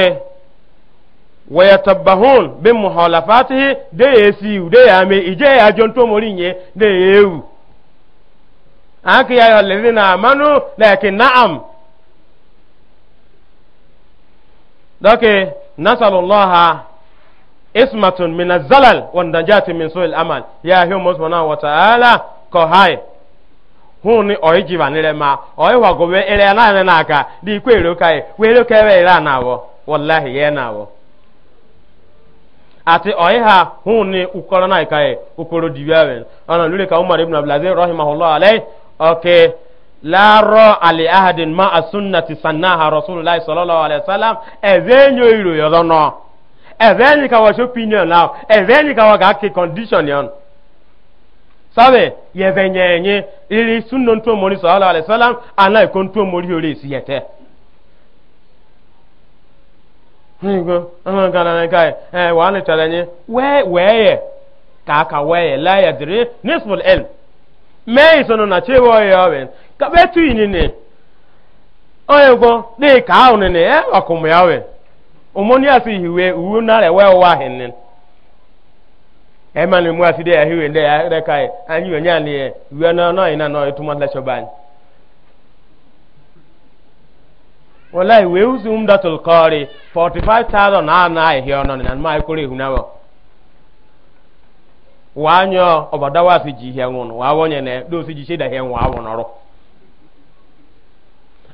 Speaker 1: wa yatabahun bi muhalafatihi de yesi u de ya me ije ya jonto mori nye de yewu aki ya yalladhina na lakin na'am dake nasar nasalullaha ismatun min azalal wa najati min su'il amal ya hiyo musbana wa ta'ala ko hay huni oyi jiba nire ma oyi wa gobe ere na ne na ka di ku ero kai we ero kai we ira na wo wallahi ye na wo ati oyi ha huni ukoro na kai ukoro diwe ona lule ka umar ibn abdulaziz rahimahullah alayhi okay laarọ ali ahadin ma a sunnati sannaha rasulillahi sallallahu alaihi wasallam ebe nyo iro yọrọ nọ ebe ni ka wa so na ebe ni ka wa ga ke condition yọn sabe yẹbẹ nyẹnyi iri sunna ntọ mori sallallahu alaihi wasallam ana mori ori esi yẹtẹ. kabetu inine oyego dị ka onene e eh, akomo yawe omoni asi hiwe uwu na le we wa hinin emani eh, mu asi de hiwe de ya re kai anyi onya ni e we na no ina no ituma la shoban wallahi we uzu umdatul qari 45000 na na ehi ono ni na ma ikore hu na wo wanyo obadawa si ji hie nwon wa wonye ne do si ji sheda hie nwa awon oro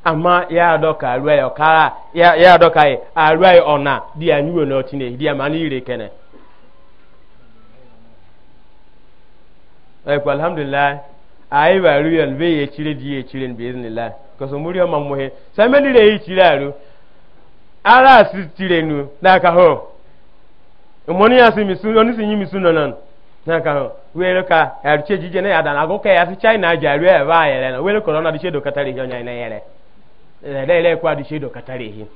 Speaker 1: ama ya adọka arụa ya ọkara ya ya adọka ya e, arụa ya ọna di ya nyuo na ọchịne di ya ma na ire kene ekwa alhamdulillah ayi ba ru ya be ye chire di ye chire bi iznillah koso muri o mamuhe sa ndị dire yi chire arụ. ara asitire nu na ka ho ya asi misu onye oni sinyi misu nọ nọ naka ho wele ka ya che jije na ya dan agoka ya si china ja ru e ba yele na wele corona di che do katari jo nya na yele lele eh, kwa di shedo katalehi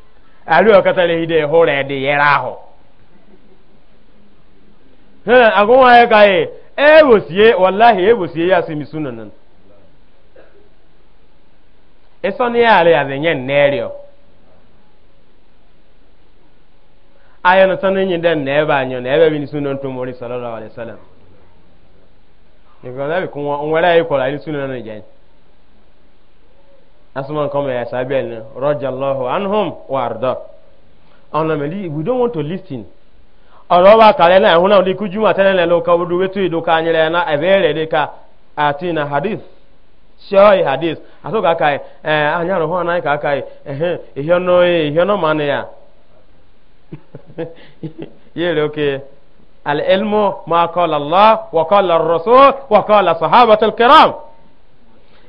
Speaker 1: alio katalehi de hore de yeraho ha agonwa ya kai e wosie e, e wallahi e wosie ya simi sunanan esoni ya ale ya zenye nerio aya na tanu nyi den na ebe anya na ebe bi ni sunan to mori sallallahu bi asuman kɔmi ya sabiyɛl ni rɔjallahu anhum wa arda ɔnà we don't want to lis ten ɔrɔ wa kalẹ náà ɛhun náà di kú juma tẹ́lẹ̀ lẹ́nu ka wudu wetu yi do ka nyere na ɛbɛ yɛrɛ de ka ati na hadith sɛɔ yi hadith ato ka ka yi ɛɛ anyarɔ hɔn anayi ka ka yi ɛhɛn ihiɔnɔ yi ihiɔnɔ ma ni ya yɛrɛ oke alilmu ma kɔla allah wa kɔla rasul sahabatul kiram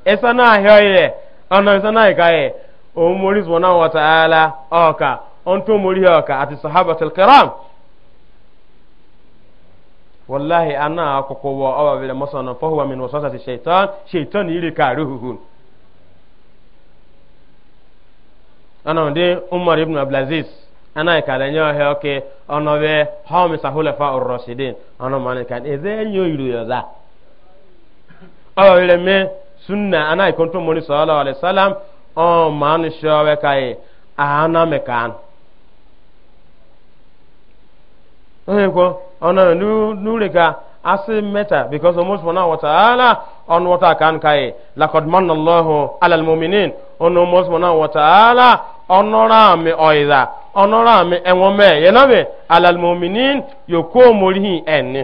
Speaker 1: ɛsɛ náà hɛ yɛ ana sana ikaye o mori zwana wa ta'ala oka on to mori oka ati sahabatul kiram wallahi ana akoko wa awa bila masana fa huwa min wasasati shaytan shaytan yiri ka ruhun ana de umar ibn abdulaziz ana ikale nyo he oke ono be homi sahule fa urrasidin ana manikan eze nyo yiru yoza awa bila me sunna ana ikonto moni sallallahu alaihi wasallam on man shawe kai ana mekan oye ko ona nu nure ka asi meta because almost wana wa ta'ala on wata kan kai laqad manna Allah, alal almuminin on almost wana wa ta'ala onora mi oiza onora mi enwo me yename alal mu'minin yokomori enni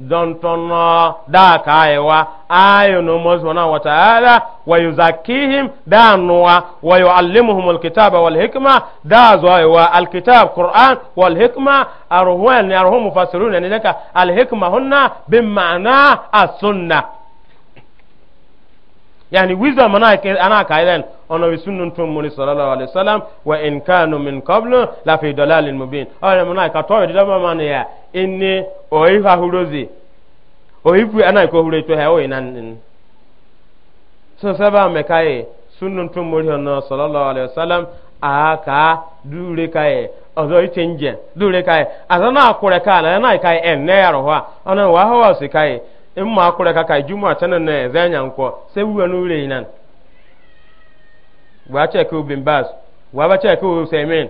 Speaker 1: dɔntɔnɔ daa kaa yi wa aayi no mɔzɔnna wa taala wa yu zakihim daa nuwa wa yu alimuhum alkitaaba wal hikma daa zɔ yi wa alkitab qur'an wal hikma aruhuwan ni aruhu mufasiru na nile ka hunna bi ma'ana asunna yani wisdom ana ke ana ka ilen ono bi sunnun tun muri sallallahu alaihi wasallam wa in kanu min qablu la fi dalalin mubin awon mona ka to yi da ma ya inni oifa hurozi oifu ka ko hure to he oina nin so saba me kai sunnun tun muri hono sallallahu alaihi wasallam aka dure kai ozo itenje dure kai azana akure na kai enne yaro ha wa hawa se kai in ma akure ka kai na nkwọ semen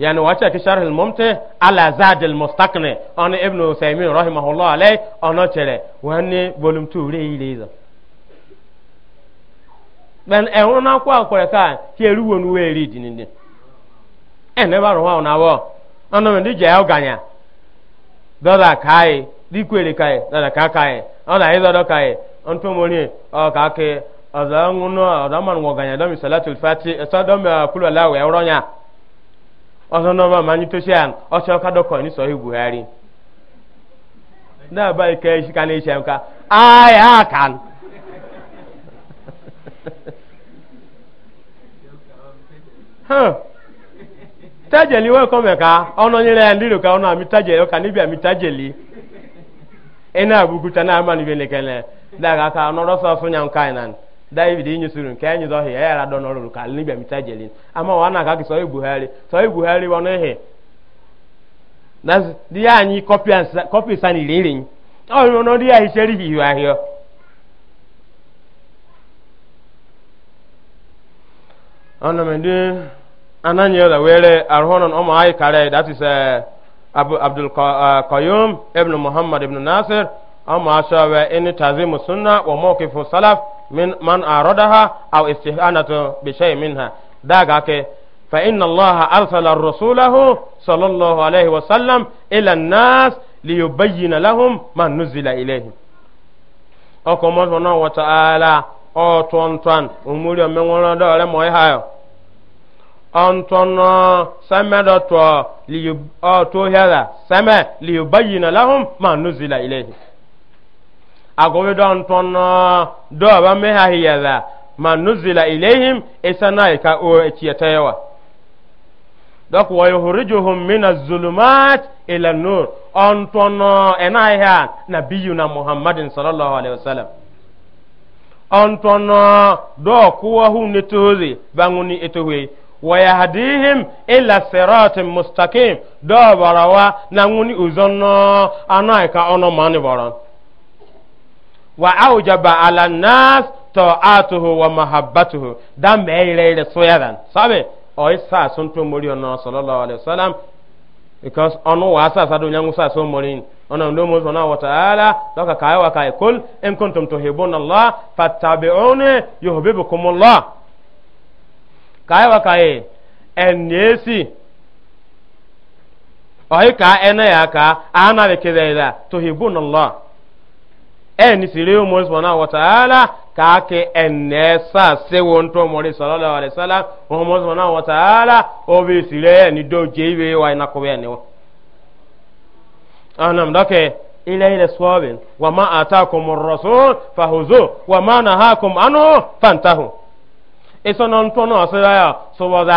Speaker 1: yani wacha ki sharh al mumti ala zad al mustaqni on ibn usaymin rahimahullah alay ono chere wani volume 2 re ile izo ben e won na kwa kwere ka ti eru wonu we read ni ni e ne ba ro wa na wo ono ndi je o ganya dola kai di kwere kai dola ka kai ona izo do kai on to moni o ka ke azanguno adaman wo ganya do mi salatul fati sa do mi kulu lawe ọsọ náà máa ní tó ṣe àn ọsọ kádọkọ ní sọhí buhari náà báyìí kẹ́ ẹ̀ṣin ká ní ìṣẹ̀ nǹkan ayé àkàn. tájẹ̀lì wọ́n kọ́ mẹ́ka ọ̀nà nílẹ̀ ẹ̀ nílò ká ọ̀nà àmì tájẹ̀lì ọ̀kà níbi àmì tájẹ̀lì ẹ̀ náà àbúkúta náà máa níbi nìkẹ́lẹ̀ dáàkà ká ọ̀nà sọ fún yàn káyìn náà. david inyusuru nke enyi zọhi ya yara dọnọ ruru ka libya mita jelin ama wa na kaki sọyi buhari sọyi buhari wọn ihe. na di ya anyị kọpi sani riri ọ yi ọnọdụ ya hichere hihi ahịa ọnụ mndị ananyị ọla were arụhọnọ ọmụ anyị karịa that is eh, abdul eh, qayyum ibn muhammad ibn nasir أما أشاوى إن تعظيم السنة وموقف السلف من من أرادها أو استهانة بشيء منها داغاك فإن الله أرسل رسوله صلى الله عليه وسلم إلى الناس ليبين لهم ما نزل إليهم أكما سبحانه وتعالى أو تونتون أمور من ورد على مويها أنتنا سمدت ليب أو توهذا سمع ليبين لهم ما نزل إليهم agobe don tonno do ba me ha hiyala man nuzila ilayhim isana ka o etiyata yawa dok wa yukhrijuhum min az-zulumat ila an-nur on tonno enaiha nabiyuna muhammadin sallallahu alaihi wasallam on tonno do kuwa hunne tozi banguni etowe ويهديهم إلى صراط مستقيم دو براوا نغوني أزنو أنا إكا أنا ماني بران wa aujaba ala nas ta'atuhu wa mahabbatuhu da me ire ire soyadan sabe o isa sun to mori ona sallallahu alaihi wasallam because onu wa sa sa dunya ngusa so mori ona ndo mo zona wa ta'ala doka kai wa kai kul in kuntum tuhibuna allah fattabi'uni yuhibbukum allah kai wa kai enesi oyi ka ene ya ka ana bekele ila tuhibuna allah ẹni sì rí ọmọ ìsọ̀nà àwọ̀tàálà káàkì ẹ̀nẹ́ sàṣẹ́wò ń tó mọ̀rí sọ̀lọ́lọ́ àrẹ̀sálà ọmọ ìsọ̀nà àwọ̀tàálà ọbẹ̀ ìsìlẹ̀ ẹni dóje ìwé wa iná kọ́wé ẹ̀ni wọ́n. ọ̀nà mdọ́kẹ́ ilẹ̀ ilẹ̀ sọ́ọ̀bìn wà má àtàkùn rọ̀sùn fàhùzò wà má nàhákùn ànú fàǹtàhùn. ìsọ̀nà ntọ́nà ọ̀sẹ̀ráyà sọ̀bọ̀dá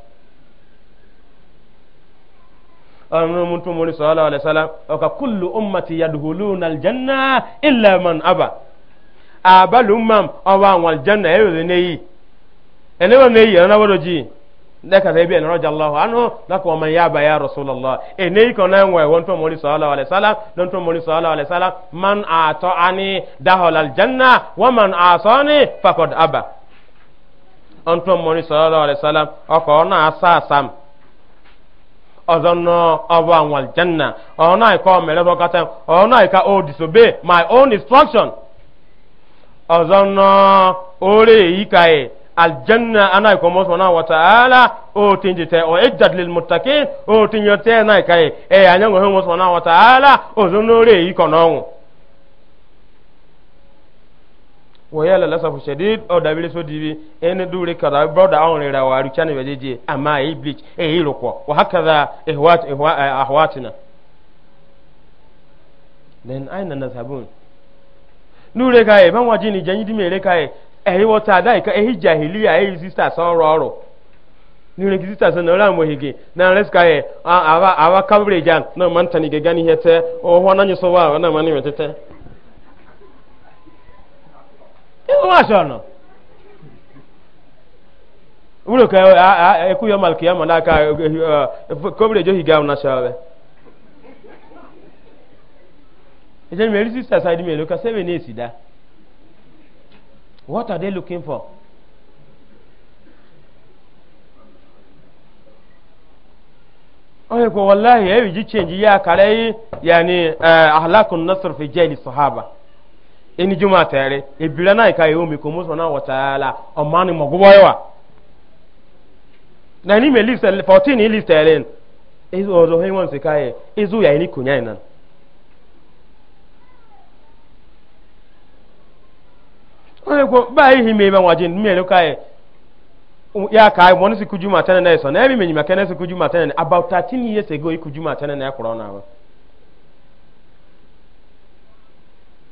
Speaker 1: ọ̀run mu tún mọ́ni sọ́ọ́lá ọ̀lẹ́sọ́lá ọ̀ka kúlù ọmọtì yàdùhùlù nàljanna ilẹ̀ man aba àbálù mam ọba àwọn aljanna ẹ̀rọ rẹ̀ n'eyi ẹni wọn n'eyi ẹ̀rọ náwó dojì lẹ́kàtà ibi ẹ̀nà ọjà lọ́wọ́ àánú lọ́kọ̀ ọmọ ya bá ya rasulallah ènìyí kan náà ń wọ̀ ẹ̀wọ̀n tó mọ́ni sọ́ọ́lá ọ̀lẹ́sọ́lá lọ́n tó mọ́ni sọ́ọ́lá ọ̀lẹ́sọ́lá man àtọ́ ani dahol aljanna wọ́n man àtọ́ ni fakọ̀d aba ọ̀n tó mọ́ni sọ́ọ́lá ọ̀lẹ́sọ́lá ọkọ̀ ọ̀nà asá sam ọzọ nọ ọbụ anwal janna ọna ka ọ mere bọ kata ọna ka o disobe my own instruction ọzọ nọ ore yi ka yi aljanna ana ka mọ sọ na wata ala o tinje te o ejjad lil mutakin o tinje te na ka yi e anya ngọ hụ mọ sọ na wata ala ọzọ nọ ore yi ka nọ wòye lẹ lẹsọ fòṣẹdì ọdàbílẹ sódìbí ẹni dúró kàdà bọdà àwọn rẹ rà wàá rúkìá nìbẹ jẹjẹ àmà èyí bleach èyí rọkọ wàá kàdà àhùwàtìnà. then ayi nana sabon nure ka ban waji ni janyi di mere e wata da ka e jahiliya e nure ki na hege na res na ge gani hete o na ịhụ asọnụ wúlò kẹ ẹkú yọ màlìkì yọ mọ n'aka kóbìrì èjò hìgá ọ̀nà sọ̀rọ̀ ẹjẹ mi erisi sasadi mi èlòkà sẹ́wìn ní èsì dá what are they looking for. ọ̀hìn kò wọ́n ẹ̀rì jí change yá kàrẹ́ yìí yàní ahlakun nasr fi jẹ́ ìlú sọ̀hábà eni juma tere ebira na ka yomi ko muso na wataala o mani mo gbo yawa na ni me fourteen 14 ni list tere izu ozo he won se kai izu ya ni kunya ina ole ko ba yi me ba waje ni me lo kai ya kai mo ni si kujuma tene na eso na ebi me nyima kene si kujuma tene about 13 years ago ikujuma tene na ekro na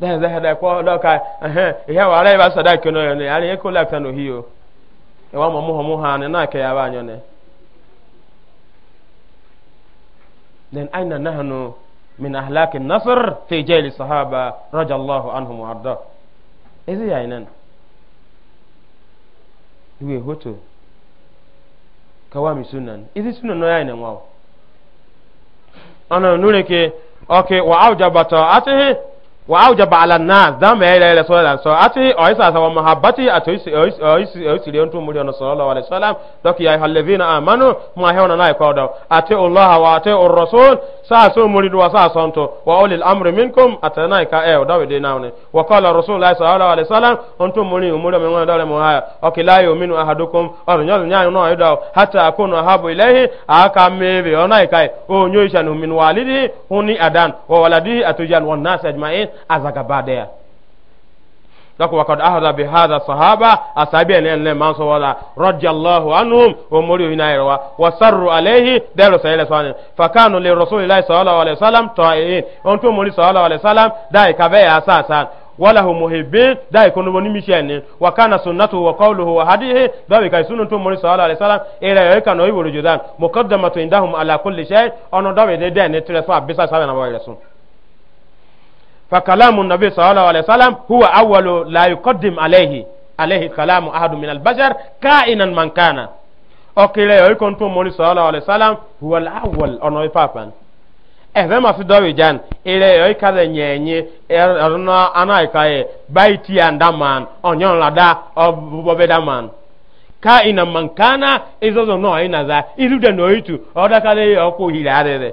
Speaker 1: dɛn zɛhɛ dɛ kɔ dɔ ka ɛhɛn ihe wa ala yi ba sada kino yɛ ne ali eko lakita no hi o ewa mɔ muhɔ mu ha ne na kɛ ya ba nyɔ ne then aina nahnu min ahlaki nasr fi jaili sahaba radiyallahu anhum wa arda ezi ya inan iwe hoto kawami sunan izi sunan no ya inan wawo ana nure ke okay wa aujabata atihi wa awjaba ala nas da me ere ere so da so ati o isa sa wa mahabbati ati o isi o isi le onto muri ono sallallahu alaihi wasallam dok ya halladhina amanu ma hewna na ko do ati allah wa ati ur rasul sa so muri do sa so onto wa ulil amri minkum atana ka e na ne wa qala rasulullah sallallahu alaihi wasallam onto muri umuri me ngona dole mo haya o ki la yuminu o nyol nyayo no ayo hatta akunu habu ilahi o nyoisha no min walidi azaga baadaya dako wakad ahada bi hadha sahaba asabi ene ene manso wala radiyallahu anhum wa muri hina yarwa wa sarru alayhi dalu sayla sawani fakanu li rasulillahi sallallahu alayhi wasallam ta'in ontu muri sallallahu alayhi wasallam dai kabe ya sasa wala hu muhibbin dai kono boni misheni wa kana sunnatu wa qawluhu wa hadihi dai kai sunu to muri sallallahu alaihi wasallam ila yaka no ibulu judan muqaddamatu indahum ala kulli shay ono dai de de ne trefa bisa sabe na wa rasul فكلام النبي صلى الله عليه وسلم هو أول لا يقدم عليه عليه كلام أحد من البشر كائنا من كان ọkìlẹ̀ yọ̀ ikọ̀ tó mọ́rí sọ́ọ́lá ọ̀lẹ́ sálám wọlé àwọ̀l ọ̀nà ìfàfàn ẹ̀fẹ́ máa fi dọ́wì jan ilẹ̀ yọ̀ ikàlẹ̀ nyẹ̀nyẹ́ ọ̀nà anáìka yẹ báyìí tí à ń dá man ọ̀nyọ́n la dá ọ̀bọ̀bẹ̀ dá man. ká ìnà mọ̀nkánná ìzọ́zọ̀ náà ìnà zá ìlú dẹ̀ nà oyìtú ọ̀dàkàlẹ̀ yọ̀ ọkọ̀ òhìlẹ̀ àrẹ̀rẹ̀.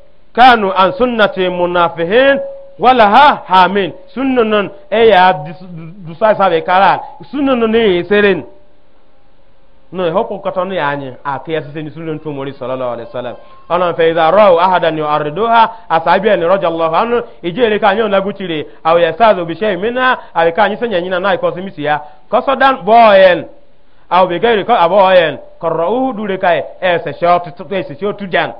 Speaker 1: kanu an sunnati munafihin wala ha hamin sunnanon e ya dusa sabe karal sunnanon ni seren no e hopo koto ni anyi a ke yasi ni sunnan to mori sallallahu alaihi wasallam ana fa idha raw ahadan yu'riduha asabi an radiyallahu anhu ijere ka nyon lagutire aw yasazu bi shay minha al ka nyi sanya nyina na ikosi misia kosodan boyen aw be gairi ko aboyen korrauhu dure kai e se shot to se shot tujan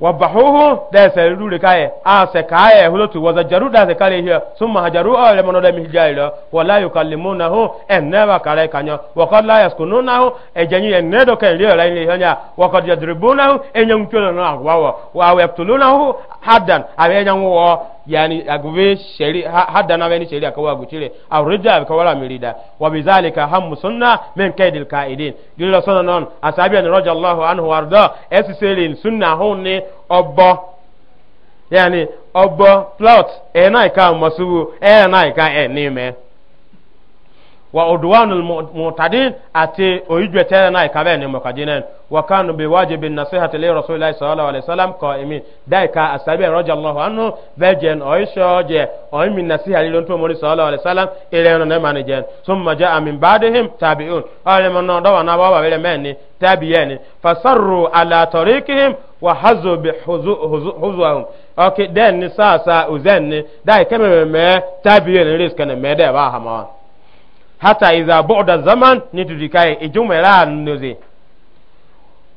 Speaker 1: wabahuhu da sai rure kaye a sai kaye hulo tu waza jaru da sai kare hiya summa hajaru a le mono da mi jaira wala yukallimunahu en never kare kanyo wa qad la yaskununahu e janyi en ne do kai riya ni hanya wa qad yadribunahu en nyam tulo na agwawa wa yaqtulunahu haddan a be nyam wo yani agwe shari hadda na wani shari'a kawai gucire a rija ka wala mirida wa bi zalika hammu sunna min kaidil kaidin dilla sunna non asabi an radiyallahu anhu warda esiselin sunna honne obbo yani obbo plot e na ka masubu e na ka e nime wa udwanul mu'tadin ati oyijwe tere na ikabe ni mukadinen wa kanu bi wajibi nasihati li rasulillahi sallallahu alaihi wasallam qaimi dai ka asabi radiyallahu anhu vejen oisho je oimi nasiha li lonto mori sallallahu alaihi wasallam ile no ne manije summa jaa min ba'dihim tabi'un ale monno do wana baba bele menni tabiyeni fasarru ala tariqihim wa hazu bi huzuhum okay den ni sasa uzenni dai kememe tabiyeni riskane mede ba hamawa hata iza bu'da zaman ni tudikai ijumela nuzi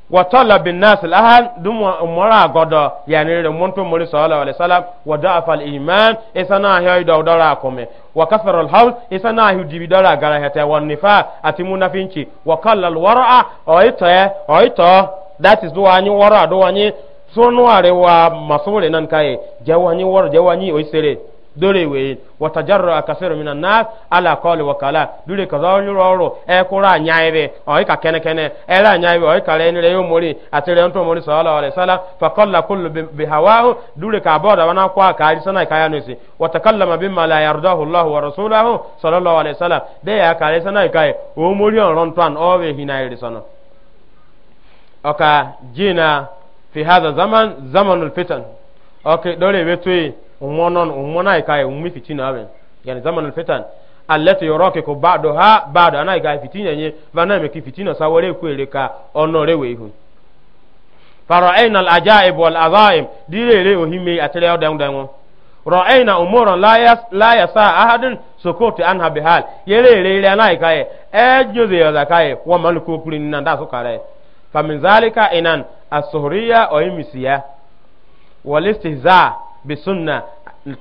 Speaker 1: wa talab an dumu al-ahal dum umara godo yani re monto mori sallallahu alaihi wasallam wa da'afa al-iman isana hayu dawdara kome wa kathara al-hawl isana hayu dibidara gara hata wa nifa atimuna finchi wa qalla al-wara'a oito oito that is do anyi wara do anyi sunu wa masore nan kai jawanyi wara jawanyi oisere dore wee watajarra akasiru minan nas ala qawli wakala dure ka zawli roro e kura nyaibe o ka kene kene e la nyaibe o ka le ni reyo mori atire onto mori sallallahu alaihi wasallam fa qalla kullu bi hawahu dure ka boda wana kwa ka ari sana ka yanusi watakallama bimma la yardahu Allah wa rasuluhu sallallahu alaihi wasallam de ya ka le sana ka o mori on ron tan o we hinaire sana oka jina fi hadha zaman zamanul fitan okay dole wetui umonon umona kai umi fitina aben yani zaman alfitan allati yurakiku ba'daha ba'da anai kai fitina nye bana me fitina sawore kwere ka onore we hu fara'ayna al-ajaib wal azaim direre ohime atere odan dan ra'ayna umuran la yas la yasa ahadun sukutu anha bihal yerere ile anai kai ejuze yozakai wa maluku kulin nan da sukare famin zalika inan as-suhriya o imisiya bisunna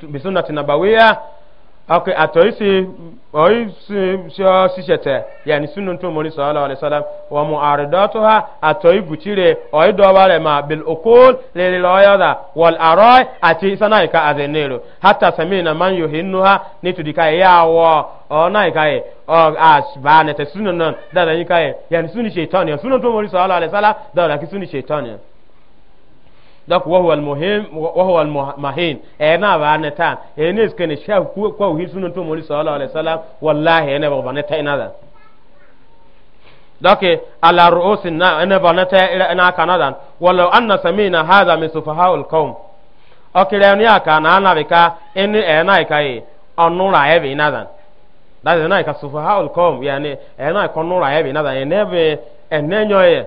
Speaker 1: bisunna tinabawiya ok ato isi oyi sio sisete yani sunu tun mori sallallahu alaihi wasallam wa mu'aridatuha ato ibuchire oyi dowale ma bil uqul lil loyada wal arai ati sana ka azenero hatta samina man yuhinnuha nitudika yawo ona ikaye o asbane te sunu non dada ikaye yani sunu shaytan sunu tun mori sallallahu alaihi wasallam dada ki sunu shaytan donc wahuwa almuhim wahuwa almahin ena ba ne tan ene skene sha ku ko hi sunan to moli sallallahu alaihi wasallam wallahi ene ba ne ta ina da donc ala ru'us na ene ba ne ta ina kanadan walau anna samina hadha min sufaha alqawm okire ni aka na na bika ene ena ikai e, onura ebe ina dan that is e na ika sufaha alqawm yani ena ikonura ebe ina dan ene be enenyo ye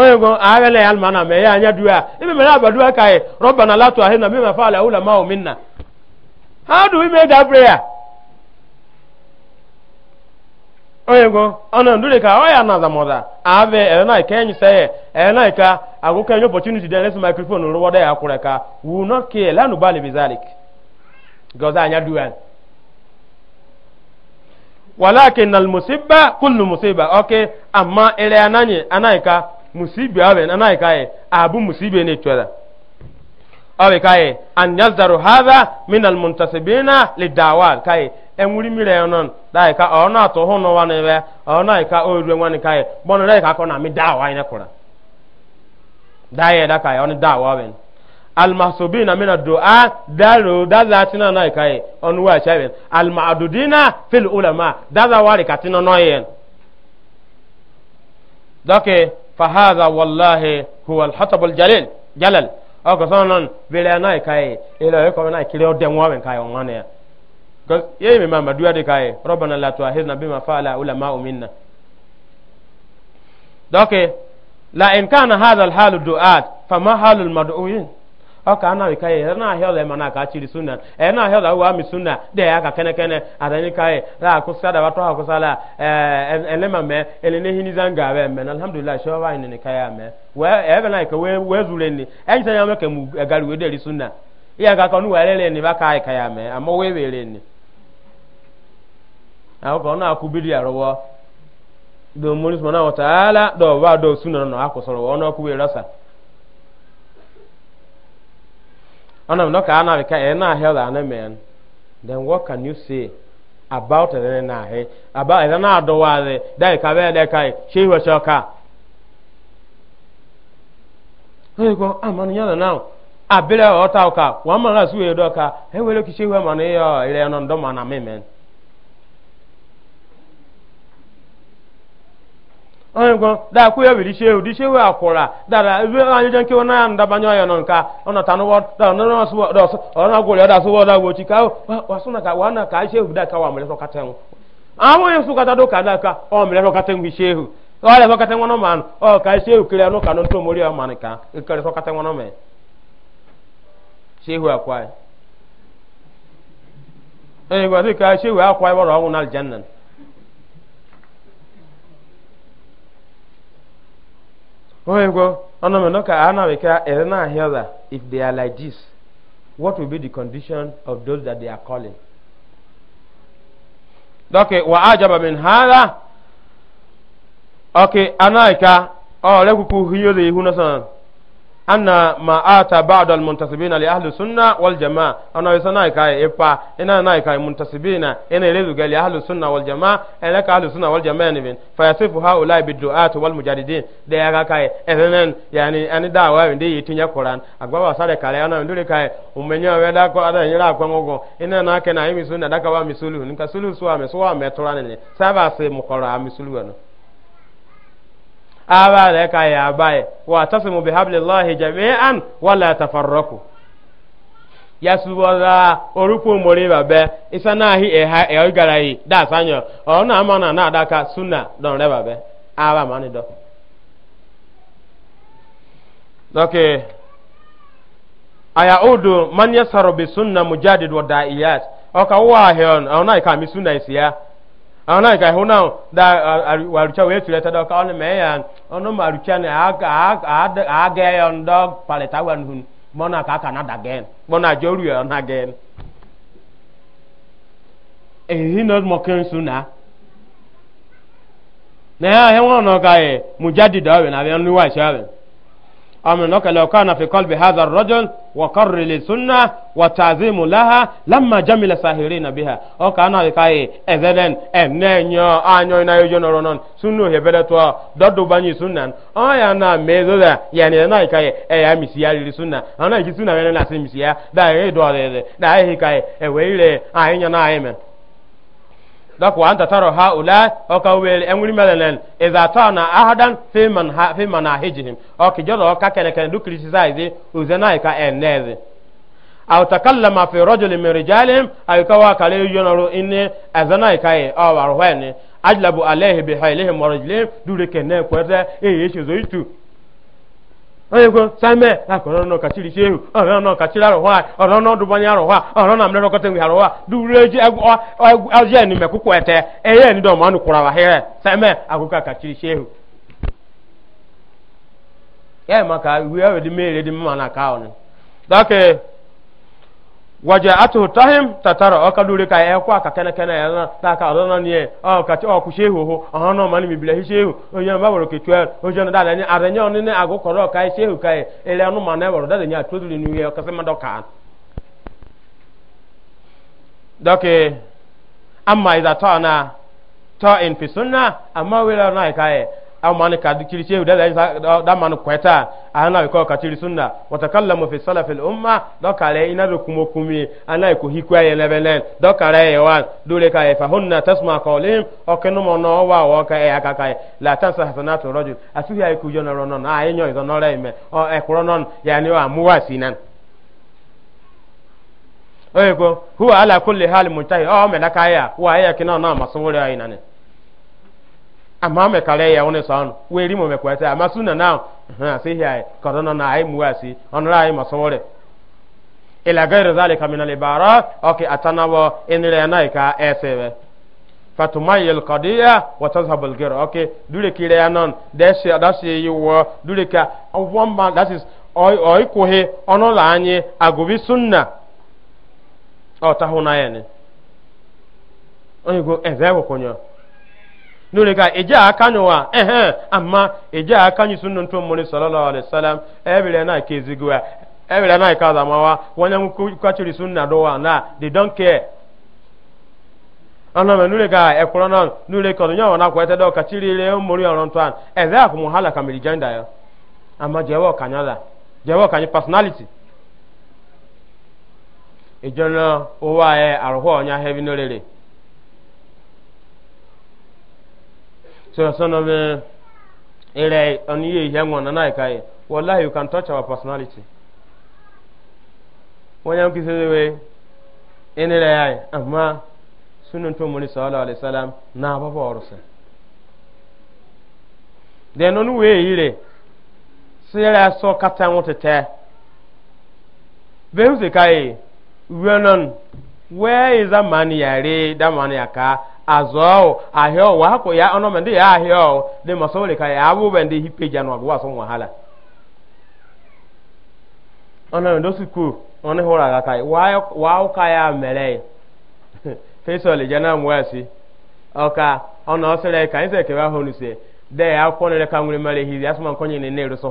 Speaker 1: onye go agala ya almana me ya anya dua ibe me na badua kai robbana la tuahina bima fa'ala ulama minna how do we make that prayer onye go ona ndure ka oya na za moda ave e na ke enyi say e na ka enyi opportunity dey lesi microphone ru woda ya kure ka we not care lanu bali bizalik goza anya dua walakin al musibba kullu musiba okay amma ile ananyi anaika musibe abe na nai abu musibe ne twala abe kai an yazdaru hadha min al muntasibina lidawat kai enwuri mire non dai ka ona to hono wa nebe ona ka orue ni kai bon dai ka ko na mi dawa ine kura dai da kai on dawa ben al mahsubina min ad du'a dalu dalatina nai kai on wa al ma'dudina fil ulama noyen doke فهذا والله هو الحطب الجليل جلل أو كسانا بلا ناي كاي إلا يكو ناي كليو دموا من كاي ومانيا يي مما مدوا دي كاي ربنا لا تؤاخذنا بما فعل علماء منا دوكي لا إن كان هذا الحال الدعاء فما حال المدعوين ọka ana ka ye na ahịa ọla mana ka chiri suna e na ahịa ọla uwa mi suna de ya ka kene kene adani ka ye ra ku sada wa to ha ku sala eh e, elema me elene hini zanga we me alhamdulillah sho wa ni ka ya me we e be na e, ka we we zure ni e nsa ya me ka mu gari we de ri suna ya ka konu wa lele ni ba ka ka ya me amo we we le ni awo ko na ku bidi arwo do mulis mana wa taala do wa do suna no akusoro wa no ku we rasa And I'm not an America and ahịa hear an amen. Then what can you say about it? Ah, na I about it. And I do what they they can they can she was your car. They go, I'm on na other ọta ụka, wọ́n mọ̀ náà sí wèé dọ́ka, ẹ wẹ́rẹ́ kìí ṣe wẹ́ mọ̀ na onye gwọ da kwụ ya wiri shehu di shehu akwụra dara ebe anyị je nkewa na ndabanye ọya nọ nka ọ nọta n'ụwọ ọnọgwụrị ọda asụwọ ọda gwochi ka wasụ na ka wa na ka shehu da kawa mere sọkata onye ahụ ya sụkata do ka ọ mere sọkata nwu shehu ọ nọma ọ ka shehu kiri anụ ka n'otu omori ọ manị ka kiri nọma akwa onye gwọ ọnwụ na Oego, ono me noka ana ah, we ka erena eh, hiyoda if they are like this. What will be the condition of those that they are calling? Doke wa ajaba min hala. Okay, anaika. Oh, lekuku hiyoda ihuna sana anna ma ata ba'd al muntasibina li ahli sunna wal jamaa ana yasana kai ifa ina na kai muntasibina ina elezu gali ahli sunna wal jamaa ina ka ahli sunna wal jamaa ne bin fa yasifu haula bi du'at wal mujadidin da ya ga kai ehnen yani ani dawa ndi yitinya quran agba wa sare kale ana ndure kai umenya we da ko ada nyira kwa ngogo ina na ke na imi sunna da ka wa misulu nika sulu suwa me suwa me torane ne sabase mukora misulu wano aba da ka ya baye wa tasimu bi hablillahi jami'an wala tafarraku ya suboza orupo mori babe isa na hi e ha e ogarayi da sanyo o na ama na na adaka sunna don re babe aba mani do okay ayaudu man yasaru bi sunna mujadid wa da'iyat o ka wa hion o na ka mi sunna isiya ana ka huna da warucha we tuleta da kaone meyan ono marucha ne aga aga aga yon dog paleta wan hun mona ka kana da gen mona joru yo eh, na gen e hino mo ken suna na ya he wono ka e mujadida we na be onu wa shawe أمنك لو كان في قلب هذا الرجل وقر للسنة وتعظيم لها لما جمل ساهرين بها أو كان يكاي أذلن أنينيو أنيو نايو جنرونون سنو هبلتوا دردو باني سنة أو يانا ميزولا يعني أنا يكاي أي أمسيا للسنة أنا يكي سنة وينا ناسي مسيا دا يدوا دا يكاي أويلي أعينيو نايمن dako anta taro ha o ka wel engri melelen iza tana ahadan fi man ha fi manahijihim o ki jodo ka kene kene du criticize uzena ka eneze aw takallama fi rajuli min rijalihim ay ka wa kale yonoro inni azana ka e o war hwene ajlabu alayhi bi haylihim wa rajlihim dure kene kwete e yesu zoitu onye kwe saime akọrọ nọ kachiri isi ehu ọrọ ọkachiri kachiri arụwa ọrọ nọ dụbanye arụwa ọrọ na mmerekọta nwe arụwa duru eji ọjọ eni mekwukwu ete eye eni dọm anụ kwụrụ awa here saime akụkọ kachiri isi ehu ya uwe iwu ya dị mmiri dị mma na ọ ọnụ waja atu tahim tatara o kadure ka e kwa ka kene kene ya na ta ka odona ni e o ka ti o ku shehu ho o no mani mi bile hi shehu o yan ba woro ke twa o jan da ni arenye on ni agu koro ka e shehu ka e ele anu ma na woro da ni atu dure ni e ka se ma do ka doke amma iza ta na ta in fi sunna amma wela na ka e amani ka dikiri shehu da da da a kweta ana ko ka tiri sunna wa fi salaf al umma do kare ina do kumo kumi ana ko hikwa ye lebele do kare ye wa dole ka fa hunna tasma qawlihim o kenu mo no wa wa ka e aka la tansa hasanatu rajul asu ya ku jona me o e kuro non ya ni wa muwa sinan oyego huwa ala kulli hal muntahi o me na kaya wa ya ama me kare ya wone sanu weri mo me kwese ama suna na ha se hi e. korona na ai muasi onra ai masore ila gairu zalika min al ibarat okay atanawa inre na ka esebe fatumayi alqadiya wa wata alghir okay dure kire anon deshe dashe yuwa dure ka one man that is oy oy ko he onola anyi agobi sunna o tahuna yene nuri ka eje akanyo wa ehe amma eje akanyo sunnu to muri sallallahu alaihi wasallam ebire na ke zigwa ebire na ka da mawa wanya ku kwachiri sunna do wa na they don't care ana me nuri ka ekoro na nuri e ko nya wa na kwete do ka chiri re muri oron to an eze aku muhala kamiri janda yo amma jewo kanyala jewo kanyi personality ejona owa e arho onya heavy no lele sọ̀rọ̀sọ̀rọ̀ bẹ ẹrẹ ọ̀nìyẹ ìyẹ́ngọ̀ nana ẹ̀ka yẹ wọlá you can touch our personality wọ́n yẹn kí sẹ́dẹ̀ wẹ ẹni rẹ̀ yà yẹ àmọ́ sunu tó mọ̀ ní sọ̀rọ̀ alẹ́ sálám náà bá bọ̀ ọ̀rọ̀ sẹ́ dẹ̀ nínú wẹ̀ yìí rẹ̀ sẹ́rẹ̀ sọ kátà wọn tẹ̀tẹ̀ bẹ́ẹ̀ ń sèkáyè wíwọ́n náà wẹ́ẹ́ ìzá màá ni yàrá dá màá ni àká. azɔɔ ahɛɔ wa hako ya ɔnɔmɛ ndi ya ahɛɔ de masɔwɔ ka ya awo bɛ ndi hipe dza nɔ wa sɔn wahala ɔnɔmɛ do suku ɔne hɔra ka kai waawo ka ya mɛlɛ yi fesɔli dza na mu ɛsi ɔka ɔnɔ ɔsɛlɛ ka ɛsɛ kɛwɛ sɛ ya ka ne ne rusɔ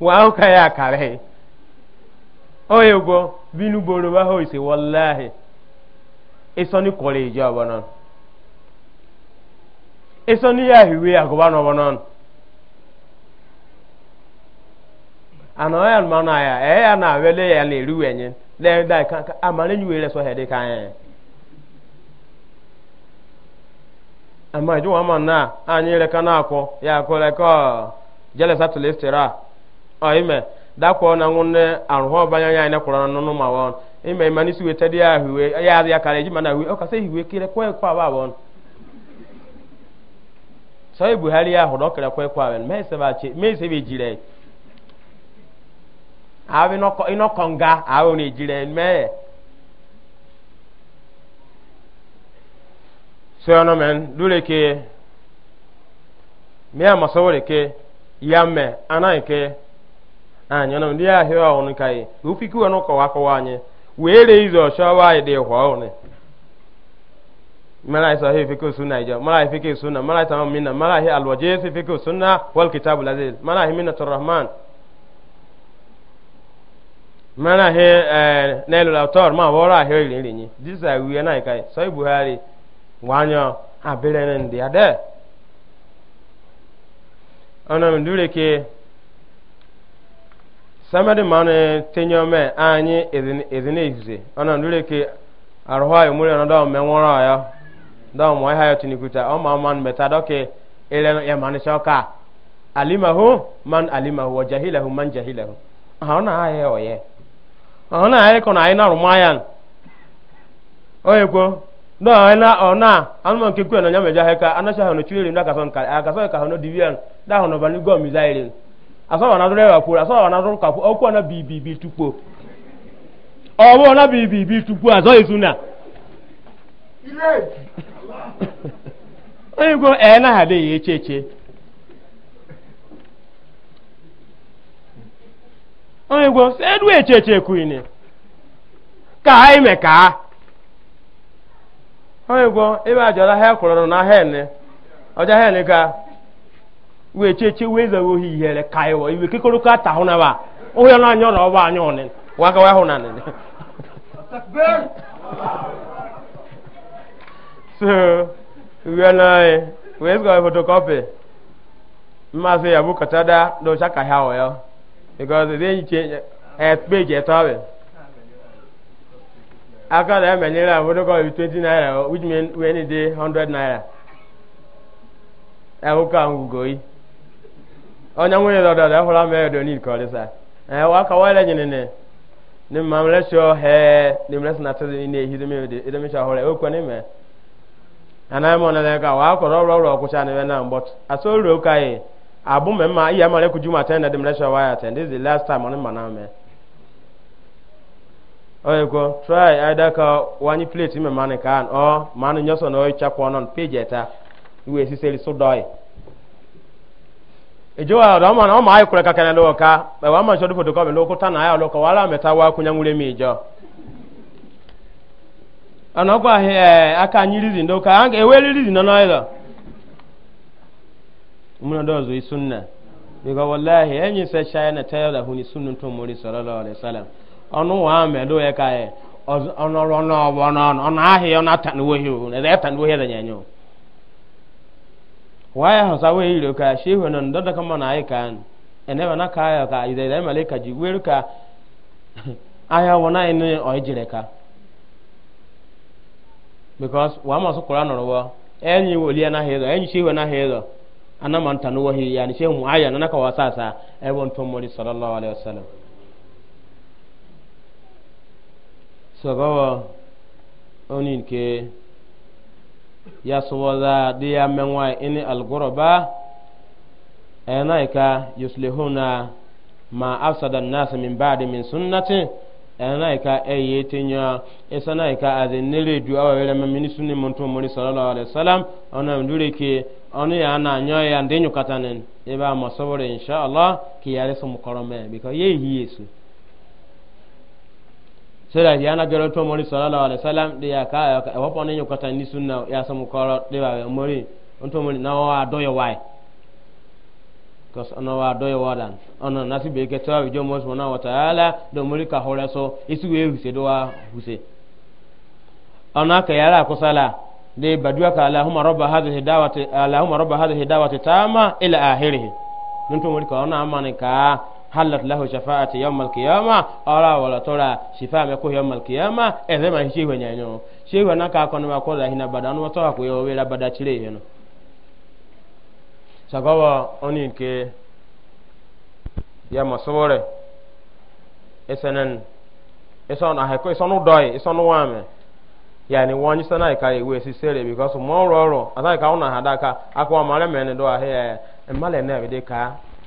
Speaker 1: hɔ ka ya kare oye go binu boro ba hɔ ise wɔlahi. isoni kɔle ije abanan isoni ya hiwe agoban abanan ana ya mana ya e ya na wele ya na eru nye le da kan amane nyu wele so hede kan e ama ju ama na anyi le kana ako ya ko le ko jele sa tulistira o ime da ko na ngunne arho banya ya ne kurana no ma won ime imani siwe tadi ya hiwe ya ya kare jima na hiwe okase hiwe kire kwe kwa babon so ibu hali ya hodo kire kwe kwa mee me se ba che me se be jire awe no ko ino konga awe ni jire me so no men dule ke me amasawore ke yamme anaike anyo no ndia hiwa onkai ufikiwa no ko wako wanye wee osho izu ọchọwa ịdị hwa ni. mara isa hi fiko sunna ijọ. mara hi fiko sunna mara isa minna mara hi alwajesi fiko sunna wal kitabul Mara mara mina minnatur rahman Mara he eh nelu autor ma wora he irin yin this are we na kai so buhari wanyo abirenen dia de ona mdure ke samadi mani tenyome anyi ezine izize ona ndule ke arhuwa yomuri ona dawo menwora ya dawo mo ha yati nikuta o ma man meta doke ele ya mani shoka alimahu man alimahu wa jahilahu man jahilahu ha ona oye ona ko na ina rumayan oye ko do ina ona anmo nke ku na nyame jaheka anasha ha no chiri ndaka son ka aka ka no divian da ho no go mi zaire asọwa na adụrụ ewapụrụ asọba na adụrụ kapụ okwu na bibibi tupu ọ bụ na bibibi tupu azọ izu na onye gwo ee na ha adịghị eche eche onye gwo si edu eche eche kwuini ka anyị me ka onye gwo ebe ajọla ha kwụrụ na ha ene ọja ha ene ka wee cheche wee zawo hi ihere kaiwo iwe kikoro ka ta huna ba o na nyoro ba anyo ne wa ka wa huna ne takbir so we na we go photocopy mma se ya bu katada do chaka ha o yo because they you change e page e to be aka da me nira photocopy 20 naira which mean we need 100 naira e wo ka ngugo yi onye nwe ịlọ dọdọ ịhụrụ ama ya doni kọlịsa ee wa ka wale nyine ne ne ma mle sio he ne mle sina tezi ne ehi de me de me o me ana na le ka wa ko ro ro na mbot aso ro kai abu me ma iya mare juma ten ya last time ma na try ka plate ka o ma ne nyoso no cha ko eta a da ma na ma ay kure kakana lo ka ba e, wa ma shodu photocopy lo ko tana ya lo ko wala meta wa kunya ngure mi jo ana kwa he e, aka anyiri zi ndo ka anga eweli zi no na do zo wallahi enyi sa na tayala huni sunnu to muri sallallahu alaihi wasallam onu wa me do ka e ro no wa ahi ona ya hausa we yi ka shehu nan don da kama na ayi ka ene ba na ka ya ka idai da malaika ji weru ka aya wona ene o jire ka because wa ma so qur'an ro wa enyi ya na hedo enyi shehu na hedo ana man tanu wahi yani ya mu aya na ka wa sasa e won to uh, mori sallallahu alaihi wasallam so bawa onin nke. Ya yasuwaza diya menwa ini algurba enaika yuslihuna ma afsada nnas min ba'di min sunnati enaika eyetinya esanaika azinire du awere ma min sunni muntu muri sallallahu alaihi wasallam ona ndureke ona ya na nyoya ndenyu katanen eba masawore insha ki yare su mukorome biko yesu sera yana jolo to mori sallallahu alaihi wasallam de ya ka e wopo ne nyukata ni sunna ya samu koro de wa mori on to mori na wa do yo wai kos ona wa do yo wadan ona nasi be ke tawi jo mo subhanahu wa ta'ala do mori ka hore so isu we huse do wa huse ona ka yara ko sala de badua ka allahumma rabb hadhihi dawati allahumma rabb hadhihi dawati tama ila akhirih nun to mori ka ona amane ka halat lahu shafa'ati yawm al-qiyama ara wala tora shifa me ko yawm al e zema hishi we nyanyo shi we na ka ko na ko la hina badanu to ko yo we la badachire yeno sagawa oni ke ya masore esenen eson ahe ko eson doi eson wame yani wonyi sana ka ewe si sere because mo ro ro asai ka una hadaka akwa mare mene do ahe e male na be de ka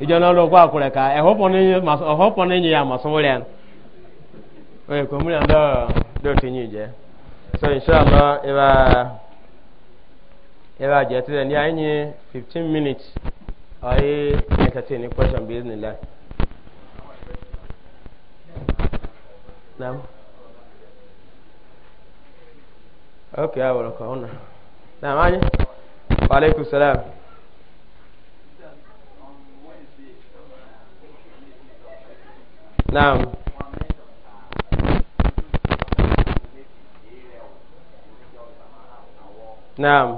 Speaker 1: ijana lo kwa kure ka e hopo ni mas o hopo ni ya masore oye ko muri ando do tinyi je so inshallah eba eba je ti ni anyi 15 minutes ayi entertain question biznillah Naam. Okay, I will call now. Naam, Wa alaikum salam. Naam. Naam.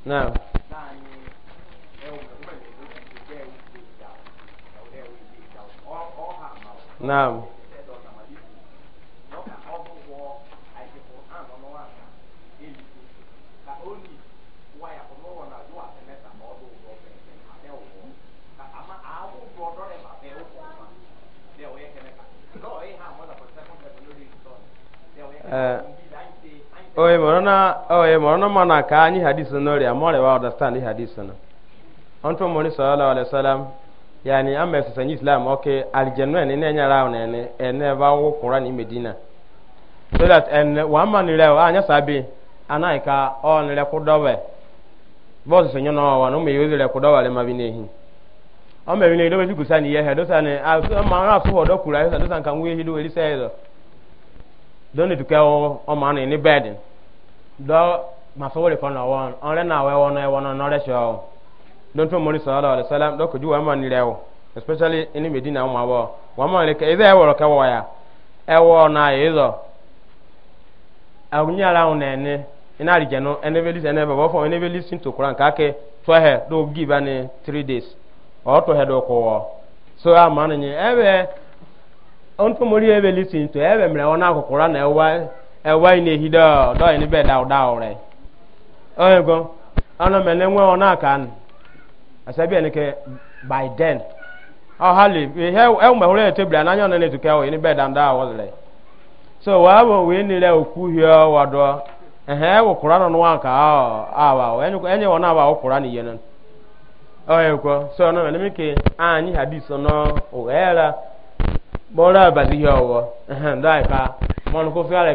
Speaker 1: Naam. Naam. mma na ka anyị hadis no ri amore wa understand hadis no onto mo ni ala alaihi ya ni amma su anyị islam oke aljanna ne ne nyara ahụ ne ene ba na qur'an medina so that ene wa anya sabi anaika on re ku dobe bo so nyo no wa no me yo re ku dobe le mabine o me ni do be ku he ma masawari kɔnɔ wɔn ɔn na awɛ wɔn ɛwɔ nɔ nɔ sɛ don tó mori sɔlɔ sɛlɛm dɔ kojú o especially ɛni na ɔmɔ kɛ ɛdɛ kɛ wɔya ɛwɔ na yɛ zɔ awunyɛ ala ŋun nɛni ɛna alijɛ no ɛnɛ bɛ lisi ɛnɛ bɛ bɔ fɔ ɛnɛ bɛ lisi kuran k'ake tɔhɛ give ani three days ɔɔ tɔhɛ do kɔ wɔ so ama ni ɛbɛ ɔn tó mori ɛbɛ lisi ɛbɛ ɛwa hi yi ni bɛ onye go ana mele nwe ọ na-aka nụ asabi enike by then ọ oh, hali ihe ewu hụrụ n'anya na-etuke ọ ni bed and ahụ ọlele so wa bụ wee nile okwu hie wadọ ehe oh, awa enye ọ na-awa na ihe nọ so ọnụ mele anyị hadis nọ bọrọ abazi ihe ehe ndị anyị ka mọnụ kofi ore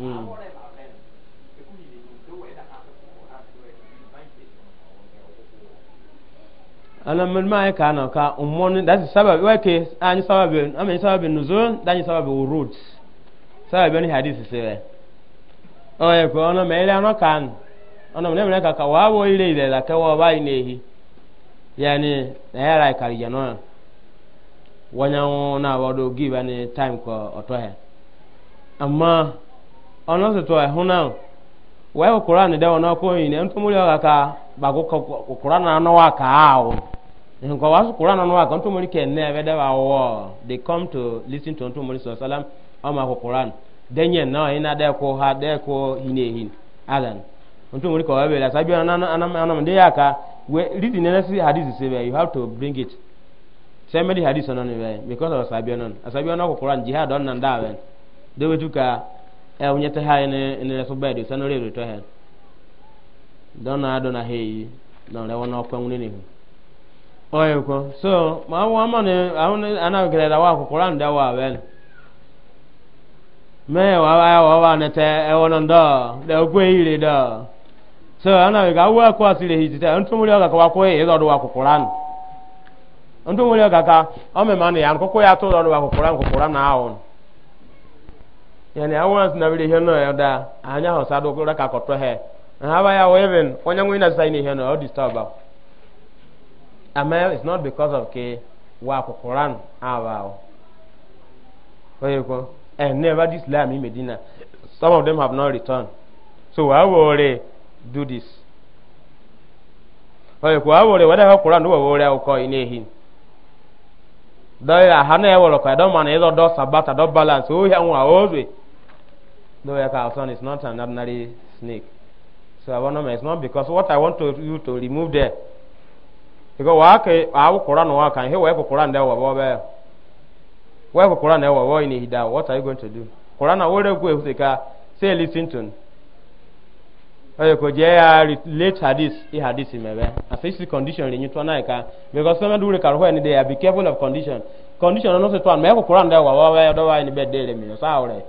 Speaker 1: 嗯。ana mun ka na ka mmụọ da su sabab wa saba an sabab an min sabab nuzul da ni saba urud sabab ni hadisi se o ye ko ona me ila ka ka wa ire ile ile la ka ya na ya ra ka ya no wanya na give any time ko oto he ono se to ehuna wa yo qur'an da ona ko yin en to muri ga ka ba ko qur'an na wa ka awo en ko wa qur'an na wa ka to muri ken ne be da wa wo tụ come to listen to to muri sallam ama ko denye na ina da ko ha da ko hine hin adan on na muri ko wa be la sabi na na na na de ya ka we read ne si hadith se be you have to bring it sɛmɛdi hadith ɔnɔ ni bɛ because of asabi nọ asabi ɔnɔ ko qur'an jihad ɔnɔ na da bɛ de e onye te ha ne ne le bed so no to he dona dona he no le wona okwa ngune ni oyo so ma wa ma ne awon ana gele da wa ko quran da wa ben me wa wa wa wa ne te e wona ndo de okwe da so ana ga wa ko asile hi ntu mu le ga ko e do wa ko ntu mu le ga ka o me yani a na bire heno ya da anya ho sadu ko raka ko to he haba ya weven onya ngwi na sai ni heno o disturb ama is not because of ke wa ko quran ko and never this in some of them have not returned so why do this ko quran ko hin ya hana ya wɔlɔ kɔ dɔ sabata dɔ though a calson is not an ordinary snake. So I want to it's not because what I want to, you to remove there. Because I will Quran wake and hear wake Quran there wa ba. Wake Quran there wa in hida. What are you going to do? Quran I na wore ku efusika say listen to. Oye ko je ya relate hadith i hadith mebe. As this condition renyu to na ka because some do ka ho ni there be careful of condition. Condition no so to an me ko Quran there wa wa do wa ni be dele mi so awre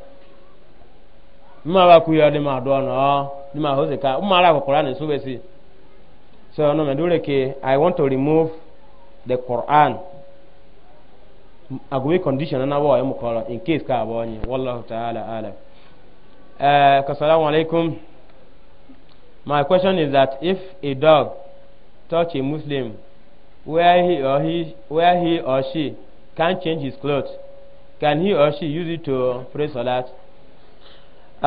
Speaker 1: mma ba ku ya de ma do no de ma ho ka mma ra ko quran so be si so no me dure ke i want to remove the quran agwe condition na wa mu ko in case ka ba ni wallahu ta'ala ala eh uh, assalamu alaikum my question is that if a dog touch a muslim where he or he where he or she can change his clothes can he or she use it to pray salat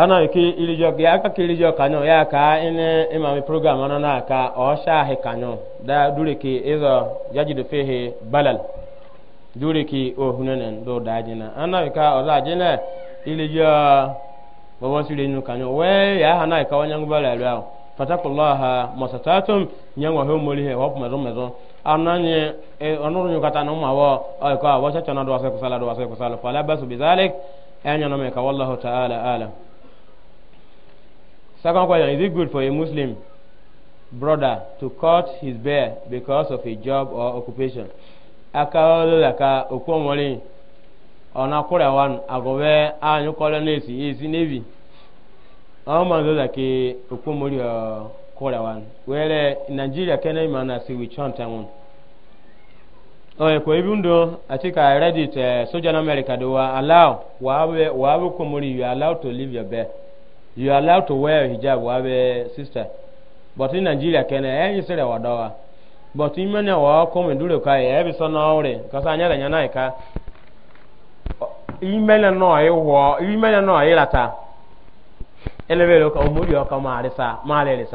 Speaker 1: ana ki ilijo ya ka ki ilijo kanyo ya ka ine imami program ana na ka o shahi kanyo da dure ki izo yajidu fihi balal dure ki o hunanen do dajina ana ka o da jina ilijo bobo sire nu kanyo we ya ana ka wanyangu balal ya fatakullaha masatatum nyangwa ho moli he hop mezo mezo ananye e onuru nyukata no mawo o ka wa cha chana do ase kusala do ase kusala fala basu bizalik anya no me ka wallahu ta'ala alam Second question Is it good for a Muslim brother to cut his beard because of a job or occupation? Akaolola ka okwomori ọ̀nà kúrẹ̀wọ̀n àgọ̀wẹ́ àánú kọ́lọ́nẹ́sì yìí sí navy. Àwọn máa ń lọ́la kí okwomori kúrẹ̀wọ̀n. Wẹ́rẹ́ Nàìjíríà kẹ́nẹ́ ìmọ̀ náà sí wìchọ́n tẹ̀wọ̀n. Ọ̀ẹ̀kọ́ ibi ń dùn àti ka Reddit uh, eh, Sojan America do wa allow wàá wẹ́ wàá wẹ́ you are to leave your bed you are allowed to wear hijab wabe sister but in nigeria kene e eh, yi sere wadawa but in mene wa ko me dure kai e bi sona ore ka sa anya nyana ka in eh, mene ah, eh, no e wo in mene no e lata elebe lo ka omuri o ka ma risa ma le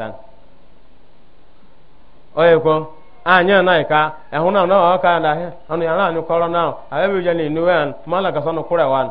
Speaker 1: anya na ka e huna na o ka la he na ni corona a be je ni nuwe an mala ka sono kure wan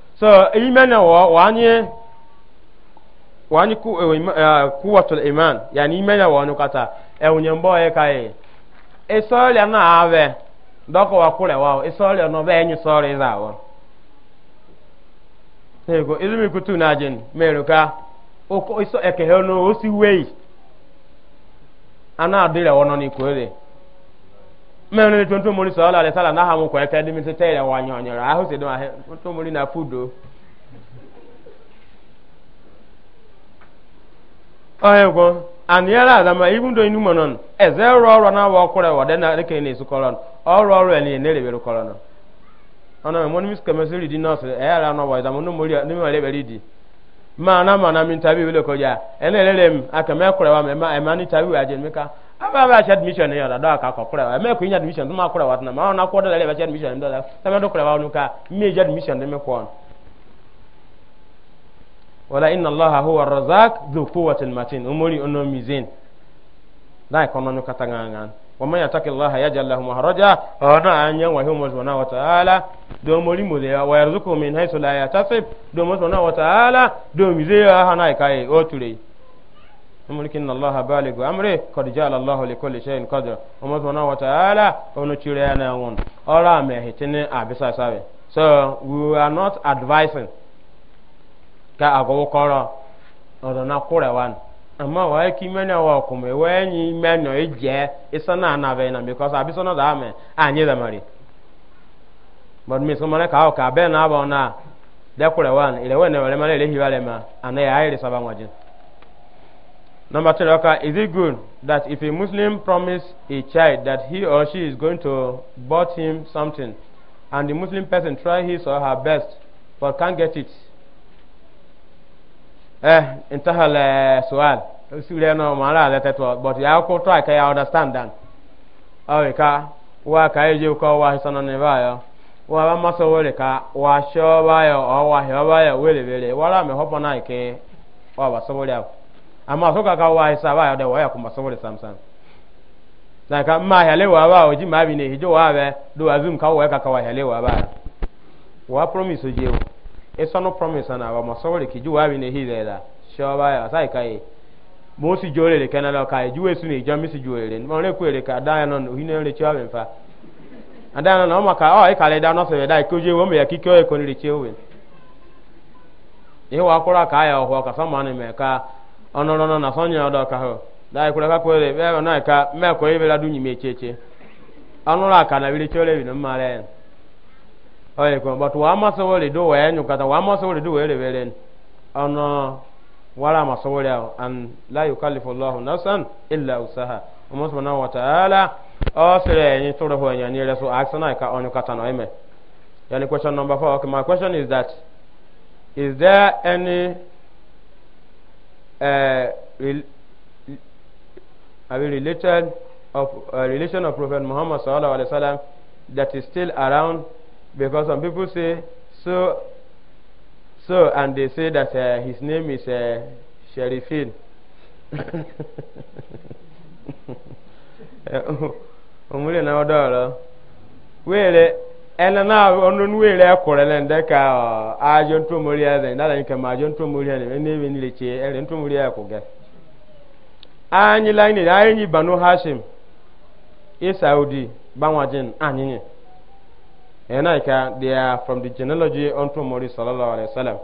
Speaker 1: so imene wa wanye wanye ku uh, kuwatul iman yani imene wa nukata e unyembo e kai isoli na ave doko wa kule wao isoli no be enyu sori zawo tego ilimi kutu na jin meruka oko iso ekeheno osi wei ana adire wono ni kwere mẹ́rin ní tuntun mori sọ̀rọ̀ alẹ́ sálà náà hàmú kọ̀ọ̀kẹ́ ẹni mi ti tẹ́ ìrẹ̀ wà yànyànrà ahó sì dùn ahẹ́ tuntun mori náà fúdò. ọ̀hẹ́ kọ́ àníyàrá àdàmà ibùdó inú mọ̀ náà ẹ̀zẹ̀ rọ ọ̀rọ̀ náà wọ ọkùnrin wọ̀dẹ́ náà ẹ̀kẹ́ ní èso kọ́lọ́nù ọ̀rọ̀ ọ̀rọ̀ ẹ̀ni ẹ̀ní rẹ̀ wẹ̀rù kọ́lọ́nù. ọ̀nà mi mọ́ni mísíkà mẹ́sì rìdí nọ́ọ̀sì ẹ̀yà rà náà wọ̀ ìdààmú ní mọ̀ ẹ̀rẹ́ rìdí. máa náà máa náà mi ń tàbí ìwé lè kọjá ẹ̀ní ẹ̀rẹ́ rẹ̀ mi àkàmẹ́ ẹ̀kọ́rẹ́ wa mẹ́ẹ̀ma ẹ̀ma ní tàbí ìwé àjẹmíkà aba ba shi admission ya da da ka ko kura me ko yin admission ma kura wa na ma na ko da le ba shi admission da ta me do kura wa nuka me je admission da me ko wala inna allaha huwa arrazaq dhu quwwatil matin umuri ono mizin dai ko no nuka tanganga wa man yataki allaha yaj'al lahu mahraja ona anya wa huwa subhanahu wa ta'ala do mori mo de wa yarzuqu min haythu ya yahtasib do mo subhanahu wa ta'ala do mizeya hanai kai o turei mulki inna allaha baligu amri qad ja'ala allahu li kulli shay'in qadra umma subhanahu wa ta'ala onu chire na won ora me hitini abisa sabe so we are not advising ka agogo koro odo na kure wan amma wa ki mena wa kuma we nyi mena eje isana na be na because abisa no da me anyi da mari but me so mara ka ka be na ba na de wan ile we ne wele mara ile ma ana ya ire Number three, okay, is it good that if a Muslim promises a child that he or she is going to bought him something, and the Muslim person try his or her best but can't get it? Eh, intahal eh, sual. Sule no mara letetwa, but ya ko try ka ya understand dan. Awe ka wa ka eje ko wa hisana ne ba yo. Wa ba maso wele ka wa sho ba yo o wa he ba yo wele wele. Wala me hopo na ke wa ba so wele amma so ka kawo hisaba ya da waya kuma saboda samsan daga ma halewa ba oji ma bi ne hijo wa be do azum kawo waya ka kawo halewa ba wa promise je o e sono promise na wa masawore ki ju wa bi ne hile da sho ba ya sai kai e. mo si jore le kenala ka e, ju esu ne jo mi si ju ere mo re ku ere ka da no no hine re chi wa be fa adana na o maka o e kale da no so da e ko je wo me ya ki ko e ko ni re chi o we e wa kora ka ya o ho ka sa ma ne me ka ono no no na sonya odo ka ho dai kula ka kwere be na e ka me ko ibe la dunyi me cheche ono la ka na bile chole bi no mare oye ko but wa ma so wole do we nyu kata wa ma so wole do we rebelen ono ya ma so wole an na yukallifu ịla nafsan illa usaha umma subhanahu wa ta'ala o sere ni toro ho nya ni reso aksana ka onyu kata no eme yani question number 4 okay my question is that is there any uh, re related of uh, relation of Prophet Muhammad sallallahu alaihi wasallam that is still around because some people say so so and they say that uh, his name is uh, Sharifin. Uh, Omule oh, oh, na odoro. Wele uh, ene na onu nwere kwere na nde ka ajo ntomori ade ndada nke ma ajo ntomori ade ne ebe nile che ere ntomori ya ku ga anyi la ni anyi banu hashim e saudi banwajin anyi ene ka they are from the genealogy unto mori sallallahu alaihi wasallam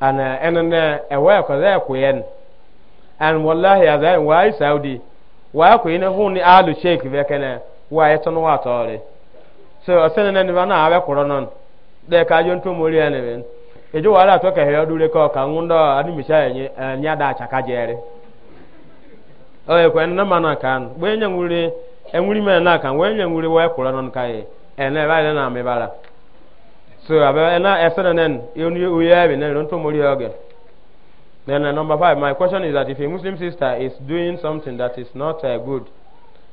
Speaker 1: and ene ne ewe ko ze ku yen and wallahi azai wa saudi wa ku ene hu ni alu sheik sheikh vekene wa yetonu wa tore so sene ne niba na abe kuro non de ka yo ntu muri ene ben ejo wala to ke heyo dure ko ka ngundo ani misha enye nya da chaka jere o e ko enna mana kan we nya ngure enwuri me na kan we nya ngure we kuro non kai ene ba na me bala so abe na esene nen yoni uye be ne ntu muri oge Then uh, number five, my question is that if a Muslim sister is doing something that is not uh, good,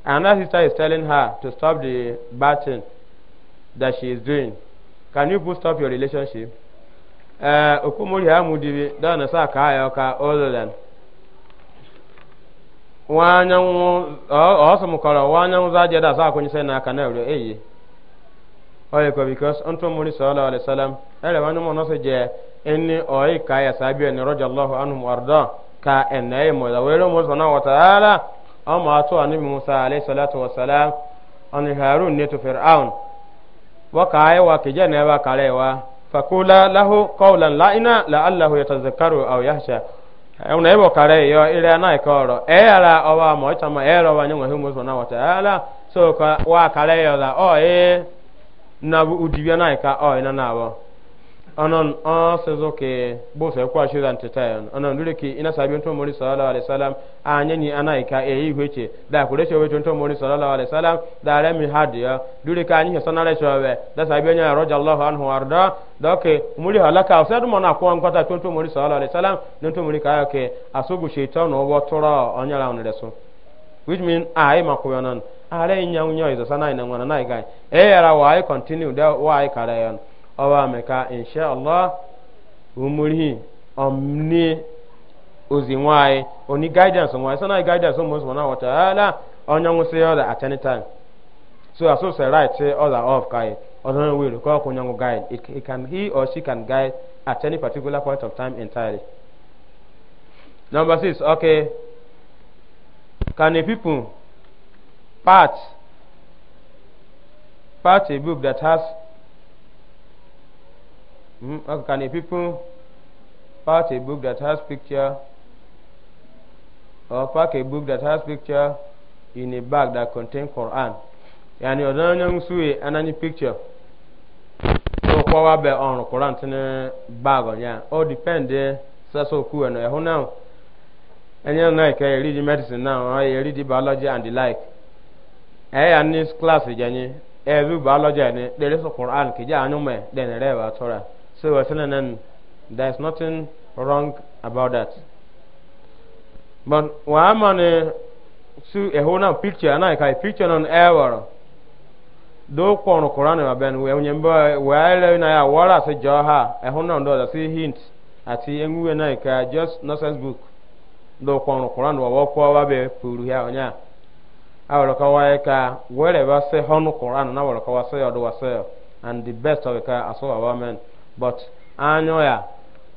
Speaker 1: another sister is telling her to stop the bathing, that she is doing can you boost up your relationship ee okomori dana sa ka ya ọka ololan nwanyanwụ ọsọ m kọrọ nwanyanwụ za jeda asa akwenyese na aka na ewere eyi oyeko bikos ntụ mmiri sọla alisalam ere wanye mụ nọsị je eni oyi ka ya sabi eni roja anhu mwardo ka da musa salatu wasalam harun ne to fir'aun وكاي وكجن وكاليوا فقولا له قولا لائنا لعله يتذكر أو يخشى أون أبو كاري يو إلى أنا يكورو إيرا أو ما يتم إيرا ونيم هم سبحانه وتعالى سو كا وكاليوا لا أو إيه نبو أديبنا يكا أو إننا أبو anan ase zoke bose kwa shira ntitayan anan dure ki ina sabi to mori sallallahu alaihi wasallam anya ni anai e da kure shewe to mori sallallahu alaihi wasallam da re mi hadiya dure ka anyi sanara da sabi anya radiyallahu anhu arda doke muri halaka usadu mona kwa ngwata to mori sallallahu alaihi wasallam to mori ka ke tora which mean e, na ngwana nai kai e wa ai e, continue e, ọwa meka insha Allah umurihi omni ozi nwanyị oni guidance so sana guidance ụmụ nsọ na ala onye nwụsị ọda at any time so aso say right say other off guide other way to call kunyangu guide it, it can he or she can guide at any particular point of time entirely number six okay can a people part part a book that has Mm, can the people part a book that has picture or pack a book that has picture in a bag that contain Quran? Yani ọdọọnyọ nsúwe anani picture tó kọwa bẹ ọrùn Quran tí ní bag ọ̀nyá ó depend sẹ́sọ̀ òkú ẹ̀ nọ ẹ̀hún náà ẹ̀yẹ́ náà ìkẹ́ yẹ read medicine náà yẹ read biology and the like ẹ̀yà e ní class ìjẹ́ni ẹ̀rú e biology ẹ̀ ní lẹ́rẹ́sọ̀ Quran kìjà ànúmọ̀ ẹ̀ dẹ̀ nẹ̀rẹ́ ẹ̀ bá So we're saying, and there's nothing wrong about that. But when I'm on a, a whole now picture, and I can picture on error. Do kono Quran wa ben we nyemba we ile na ya wala se joha e eh, hono ndo da si hint ati enwe na ka just nonsense book do kono Quran wa wako wa be puru ya onya awolo ka wa ka wherever se hono Quran na awolo ka wa se odo wa se and the best of ka aso wa amen but anyo ya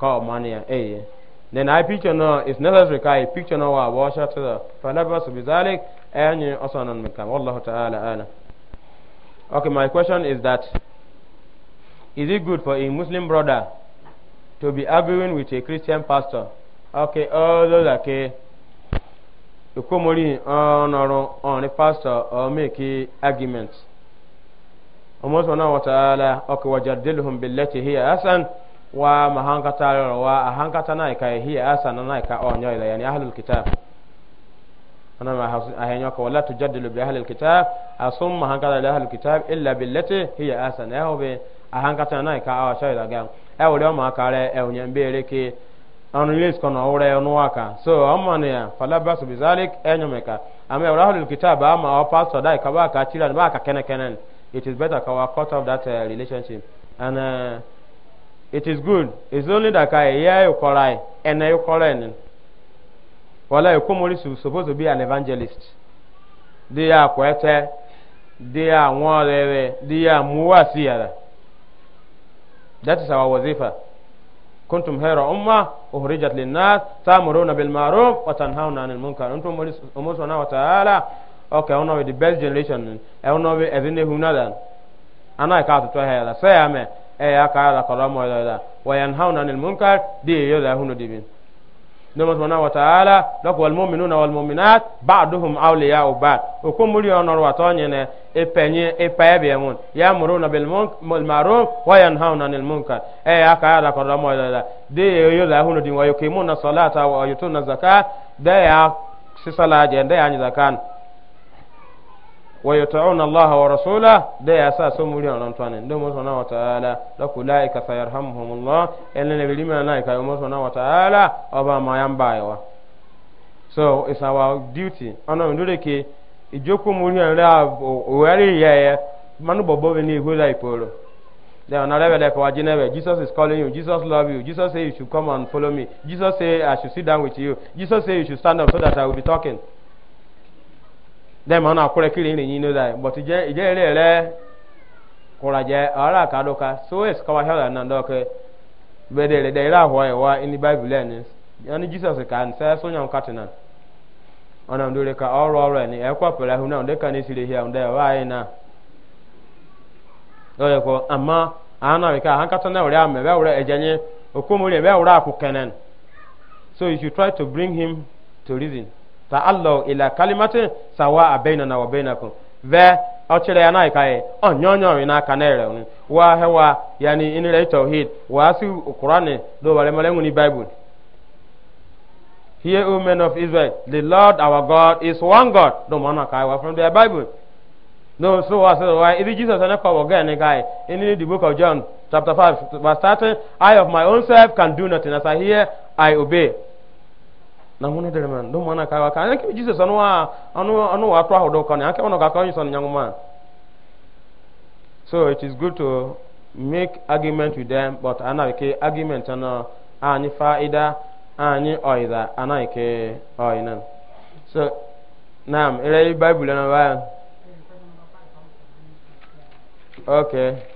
Speaker 1: ka mani ya eh then i picture no is necessary kai picture no wa wa sha to the falaba so bizalik anyo asanan min kam wallahu ta'ala ala okay my question is that is it good for a muslim brother to be arguing with a christian pastor okay all those are okay the komori on or on a pastor or make argument umar subhanahu wa ta'ala ok wajadilhum billati hiya asan wa mahanka tarero wa ahanka tana ka hiya asan na ka onyo ila yani ahlul kitab ana ma ahenyo ka wala tujadilu bi ahlil kitab asum mahanka ila ahlul kitab illa billati hiya asan ya hobe ahanka tana ka awa shaida ga e wole ma kare so amane ya falabas bizalik enyomeka ame ahlul kitab ama o pastor dai ka ba ka tira ba ka it is better kawa cut off that uh, relationship and uh, it is good it's only that ka eya yukora e, ene yukora ene wala yukumori su supposed to be an evangelist di ya kwete di ya nwolere di ya muwa siyara that is our wazifa kuntum khayra umma ukhrijat lin-nas ta'muruna bil ma'ruf wa tanhauna 'anil munkar antum umma subhanahu wa ta'ala okay ono the best generation e ono be ezine hunadan ana ka to to hela so ya me e ya ka ala kala mo da wa yanhauna anil munkar di yo da hunu dibin nomo subhanahu wa ta'ala dok wal mu'minuna wal mu'minat ba'duhum awliya'u ba'd o ko muri ono wa to nyene e penye e paye be mun ya muruna bil munkar ma'ruf wa yanhauna anil munkar e ya ka ala kala mo da di yo da hunu dibin wa yukimuna salata wa na zakat da ya sisala je da ya nyi zakat ويطيعون الله ورسوله ده أساس سمولي أن أنتوان ده سبحانه وتعالى لك أولئك سيرحمهم الله إلا نبي لما نايك يوم سبحانه وتعالى أبا ما ينبعيوا so it's our duty ọ̀nà ìdúró ke ìjókòó múlí ọ̀rẹ́ òwẹ́rì yẹ̀yẹ manú bọ̀bọ̀ bẹ ní ìwé láì pòrò then ọ̀nà rẹ̀ bẹ̀rẹ̀ kọ̀wá jìnnà jesus is calling you jesus love you jesus say you should come and follow me jesus say i should sit down with you jesus say you should stand up so that i will be talking. dem ana akwere kiri ni nyino dai but je je re re kora je ara ka doka so es ka wa hala na ndoke be de re de ra ho e wa in the bible learning yani jesus ka an sa so nyam katina ona ndure ka oro oro ni e kwa pere hu na nde ka ni sire hia nde wa ai na do ko ama ana we ka han katana ore ame be ore ejenye okomori be ore akukenen so you try to bring him to reason ta'allaw ila kalimatin sawa'a bainana wa bainakum ve ọchịrị ya naị kaị ọnyọnyọ ị n'aka na-ere ọnụ wa hewa yani ni inire tawhid wa asi qur'ani do wale male nguni bible here o men of israel the lord our god is one god do mona kaị wa from the bible no so wa so why if jesus and ko ga kai guy the book of john chapter 5 verse 13 i of my own self can do nothing as i hear i obey na ŋuna dere man do mana kawa ka anaki jesus anu wa ah, anu anu wa atwa hodo kan anaki ono ka kan son nyangu man so it is good to make argument with them but anaki argument ana ịda ah, faida ani ah, oida anaki oinan so naam ere bible na ba okay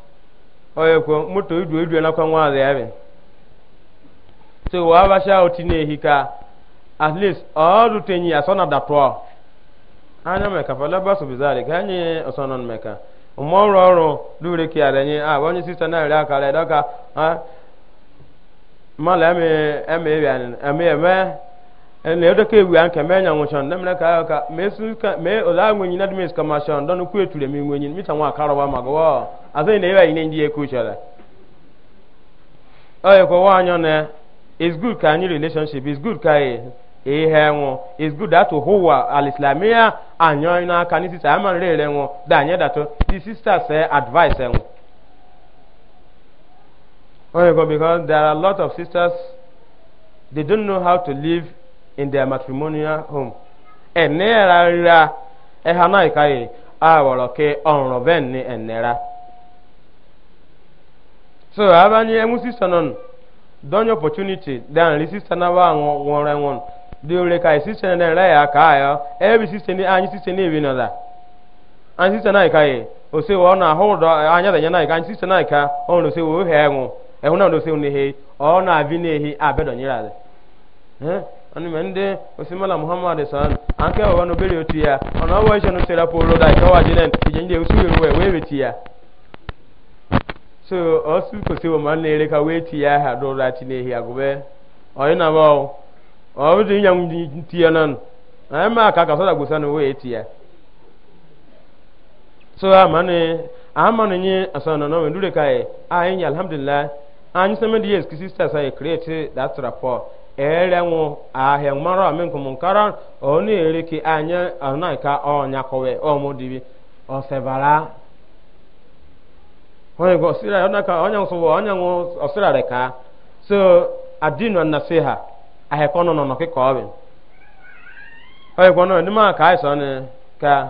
Speaker 1: oye ko moto idu idu na kwa nwa ya bi so wa ba sha oti na ehika at least all tenyi asona datwa anya me ka fala ba so bizare ka anye osona me ka mo ro ro dure ki ara nyi ah wonyi sister na ra ka ra doka ha mala me eme ya ni eme eme ene yodo ke wi anke me nya nwuchon na mra ka ka me su ka me ola nwenyi na dmes kama shon don ku etule mi nwenyi mi tanwa ma magwa asị na ebe anyị ndị ekwu chere ọ yọkwa nwaanyị na is good ka anyị relationship is good ka e, e ihe nwụ is good that hụwa alislamia anyọ n'aka n'isi sa ama nre ere nwụ da anyị datụ the sisters eh, advice nwụ ọyọkwa because there are a lot of sisters they don't know how to live in their matrimonial home ẹnẹ́ẹ̀rẹ́ ẹ̀hánà ìkáyè àwọ̀rọ̀ kí ọ̀rùn bẹ́ẹ̀ ni ẹ̀nẹ́ra. so abanye emu sister nọ donye opportunity dan ri sista na wa nwore nwon di ore ka sista na re ya ka ayo ebi sista ni anyi sista ni no da anyi na ka o se na ho do anya da nya na ka na ka o no se wo he enwu ehun na no se ni he o na abi na ehi abedo nyira de eh ani muhammad san no beri ya ona wo je no sera polo da e ka wa jinen e ndi we ya so osu kwesị woma na-ere ka wee tinye aha dụra chinehi agụbe onye na ma ọ bụ dị nya nwunye ntinye na anyị ma ka aka sọda gwesa na wee tinye so ama amani nye asana na wendure ka anyị ya alhamdulillah anyi ah, seme di yes kisista sai create eh, that rapport ere nwụ ahịa mara amin kumun karan o oh, ne ere ki anya ah, anai ah, ka onya oh, kowe ọmụ oh, mu ọ o sebara hoye go sira ona ka onya so onya ngo ọsira re ka so adinu na seha a he kono no no ke ko be hoye go no ni ma ka so ne ka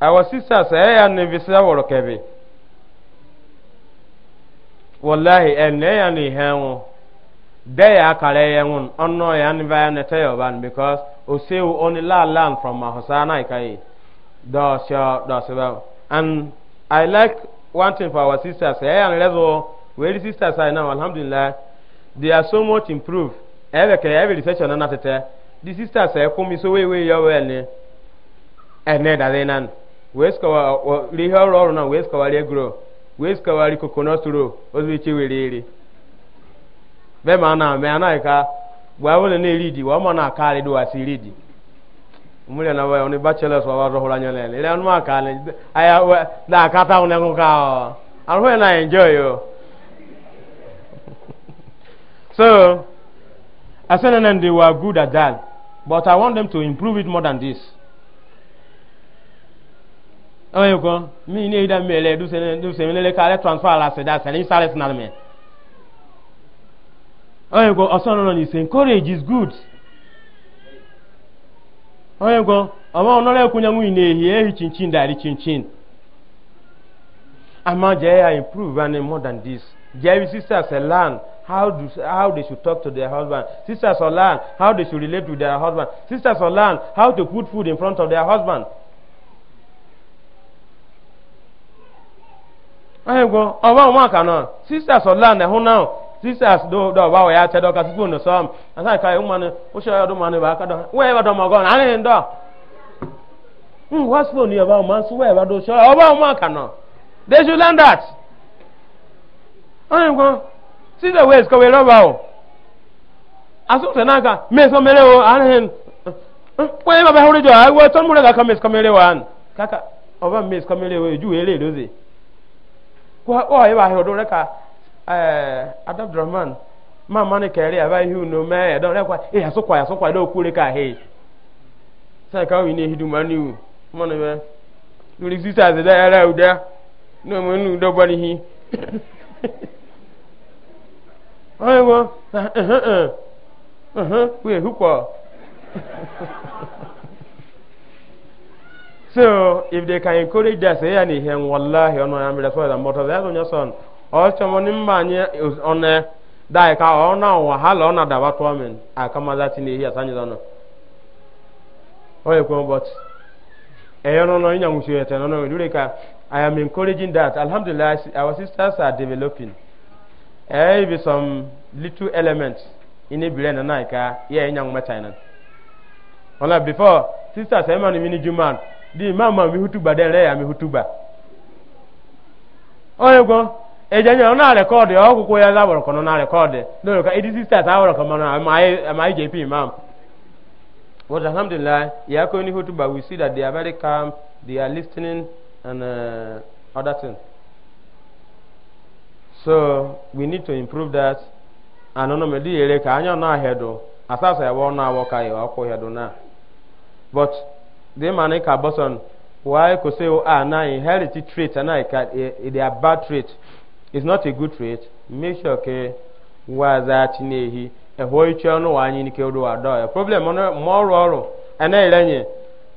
Speaker 1: our sister say eh, ya ne visa woro kebe wallahi en eh, ne ya ni hewo de ya kare ya ngun onno ya ni ba ne te ban because o se wo only la land from mahosana ikai do sha do seba and i like one thing for our sisters ẹ yàn lẹ́zọ̀ the sisters are now alhamdulilah they are so much improved ẹ bẹ̀ kẹ́ ẹ bẹ̀ research ọ̀nà náà tẹ̀tẹ̀ the sisters ẹ kún mi so wéwé yọ wẹ́ẹ̀ ni ẹ̀ ní ẹ̀dá dé náà wẹ́ẹ́ sọ̀wá ọ̀ rí ihe ọrụ ọrụ náà wẹ́ẹ́ sọ̀wá rí egro wẹ́ẹ́ sọ̀wá rí coconut ro ó sì ṣe wèrè èrè bẹ́ẹ̀ máa náà mẹ́ anáyíká wàá wọlé ní èrìdì wàá mọ̀ náà káàrí dùwà sí èrìdì umuri na waya oni bachelors wa waro hula nyole ile anu makale aya we da kata unengo ka anu na enjoy yo so asana and they were good at that but i want them to improve it more than this oye oh, ko mi ne ida mele du se du se mele ka le transfer la se da se ni sales na me oye oh, ko osana oh, no ni se encourage is good onye gwo ọma ọnọrọ ekwunye nwunye na-ehi ehi chinchin dari chinchin ama jee ya improve any more than this jee sisters learn how do how they should talk to their husband sisters learn how they should relate to their husband sisters learn how to put food in front of their husband onye gwo ọma ọma ka nọ sisters learn na hụ now sisters do do ba wa ya te do ka sukun no som asa ka yu manu o sha do manu e, ba ka do we ba do magon ani ndo mm what's phone you about man so we ba do sha o ba o ma ka no they should learn that see the ways ko we ro ba o asu te na ka me so mere o ani hen we ba ba hore jo a we ton ka me so mere wan kaka o ba me so mere we ju ele ko o e ba he do re ka Eh, adabdurahman ma mani kẹrẹ aba ihu no mẹ ẹdọ rẹ kwa ẹ asokwa asokwa ẹdọ okure ka he sẹ ká oyin ehidu ma ni wu mọ ni bẹ lórí sísá àti dá yàrá ẹwùdá ní ọmọ inú dọgba ni hi ọyọ wọn wọ ehu pọ so if they can encourage that say ya ni ihe wallahi ọnà ya mẹrẹ sọ ẹ dà mbọtọ ẹ yà sọ ọsọmọ ni mba anyị ọnụ dai ka ọ na wahala ọ na-adaba tụọ min aka maza ti n'ehi asa anyị dọnụ oye kwuo bọt eyo no no inya musu yete no no dure ka i am encouraging that alhamdulillah our sisters are developing eh be some little elements in a brain na ka ye inya ngwa china wala before sisters e ma ni mini juman di mama mi hutuba de re ya mi hutuba oye kwuo ejenye na rekọd ọgwụkwọ ya zawara kọ na rekọd lori ka edisi stat awara kọ mana ama ije pi imam but alhamdulillah ya ko ni hutuba we see that they are very calm they are listening and uh, other things so we need to improve that and ọnụ medi yere ka anya na ahedo asasa ya wọ na awọ ka ya ọkụ hedo na but the man ka bọsọn why ko o ah na inherit trait na e ka e, e, they are bad trait is not a good trait make sure ke waza chinehi ehwo ichi ọnụ wa anyị e n'ike odo adọ e e ya problem ma ọrụ ọrụ ana-erenye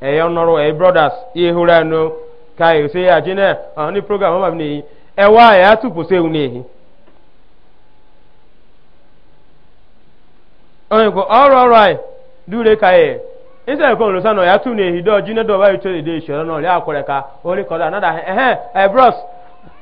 Speaker 1: eyo nọrọ e brothers ihuru anu ka ese ya jine ọni program ọmọ mi ewa ya tupu sewu n'ehi onye ko ọrụ ọrụ anyị dure ka ya instead ko nlo sanu ya tu n'ehi dọ jine dọ ba ito ede isoro na ọrịa akwere ka ori kọda anada ehe ebros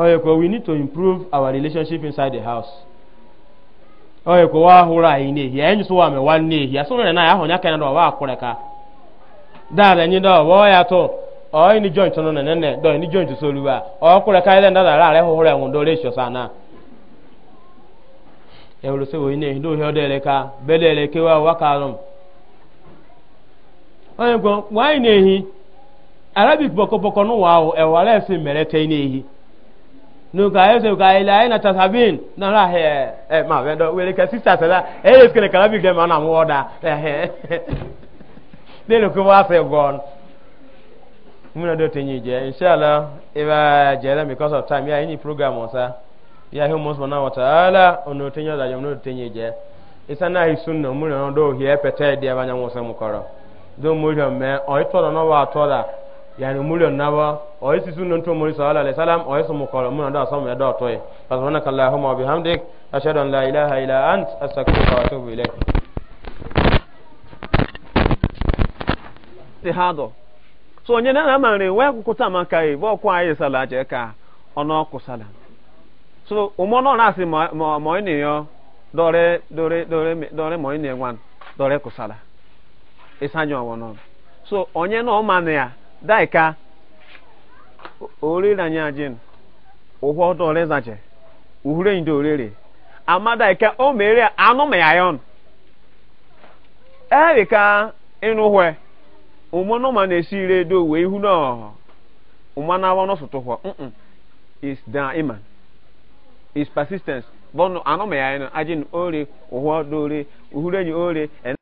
Speaker 1: oyeko we need to improve our relationship inside the house oyeko wa hụrụ anyị n'ehi anyị nso wa mewa n'ehi asụrụ na ya ahụ nyaka na ọwa akwụrụ ka daada anyị dọ ọwa ya tụ ọyị ni joint nọ na nene dọ ni joint solu wa ọkwụrụ ka ile ndada ara hụhụrụ enwu ndo resho sana ewuru sị wee n'ehi n'ohi ọ dịrị ka bedere kewa ọwa e, ka n'ehi n'ụwa ahụ ewara esi mere tee n'ehi nuka yesu na ila ina tasabin na ra he e ma we do we ka sister sala e yesu kele kala big dem na mu oda de lo ko wa se gon muna do tenyi je inshallah jela because of time ya ini program osa ya he mo subhanahu wa da je isana hi sunna muna do hi e pete dia banya mo mu no wa to yani mulyon nawa o yisi sunan to muri sallallahu alaihi wasallam o yisu mukoro mun da samu da toy subhanaka allahumma wa bihamdik ashhadu an la ilaha illa ant astaghfiruka wa atubu ilaik tihado so onye na ma re we kukuta ma kai bo kwa ayi sala je ka ono ku sala so umo no na si mo mo ni yo dore dore dore dore mo ni ngwan dore ku sala isanyo wono so onye no ma ne ya daika orira nyajin ụhụ ọdọ rezache uhure ndo orere amma daika o mere anụ ma ọnụ erika ịnụ hwe ụmụnụma ma na esi ire edo we ihu no umana wa no soto hwa mm is da iman is persistence bono anụ ma ya ajin ore ụhụ ọdọ ore uhure nyi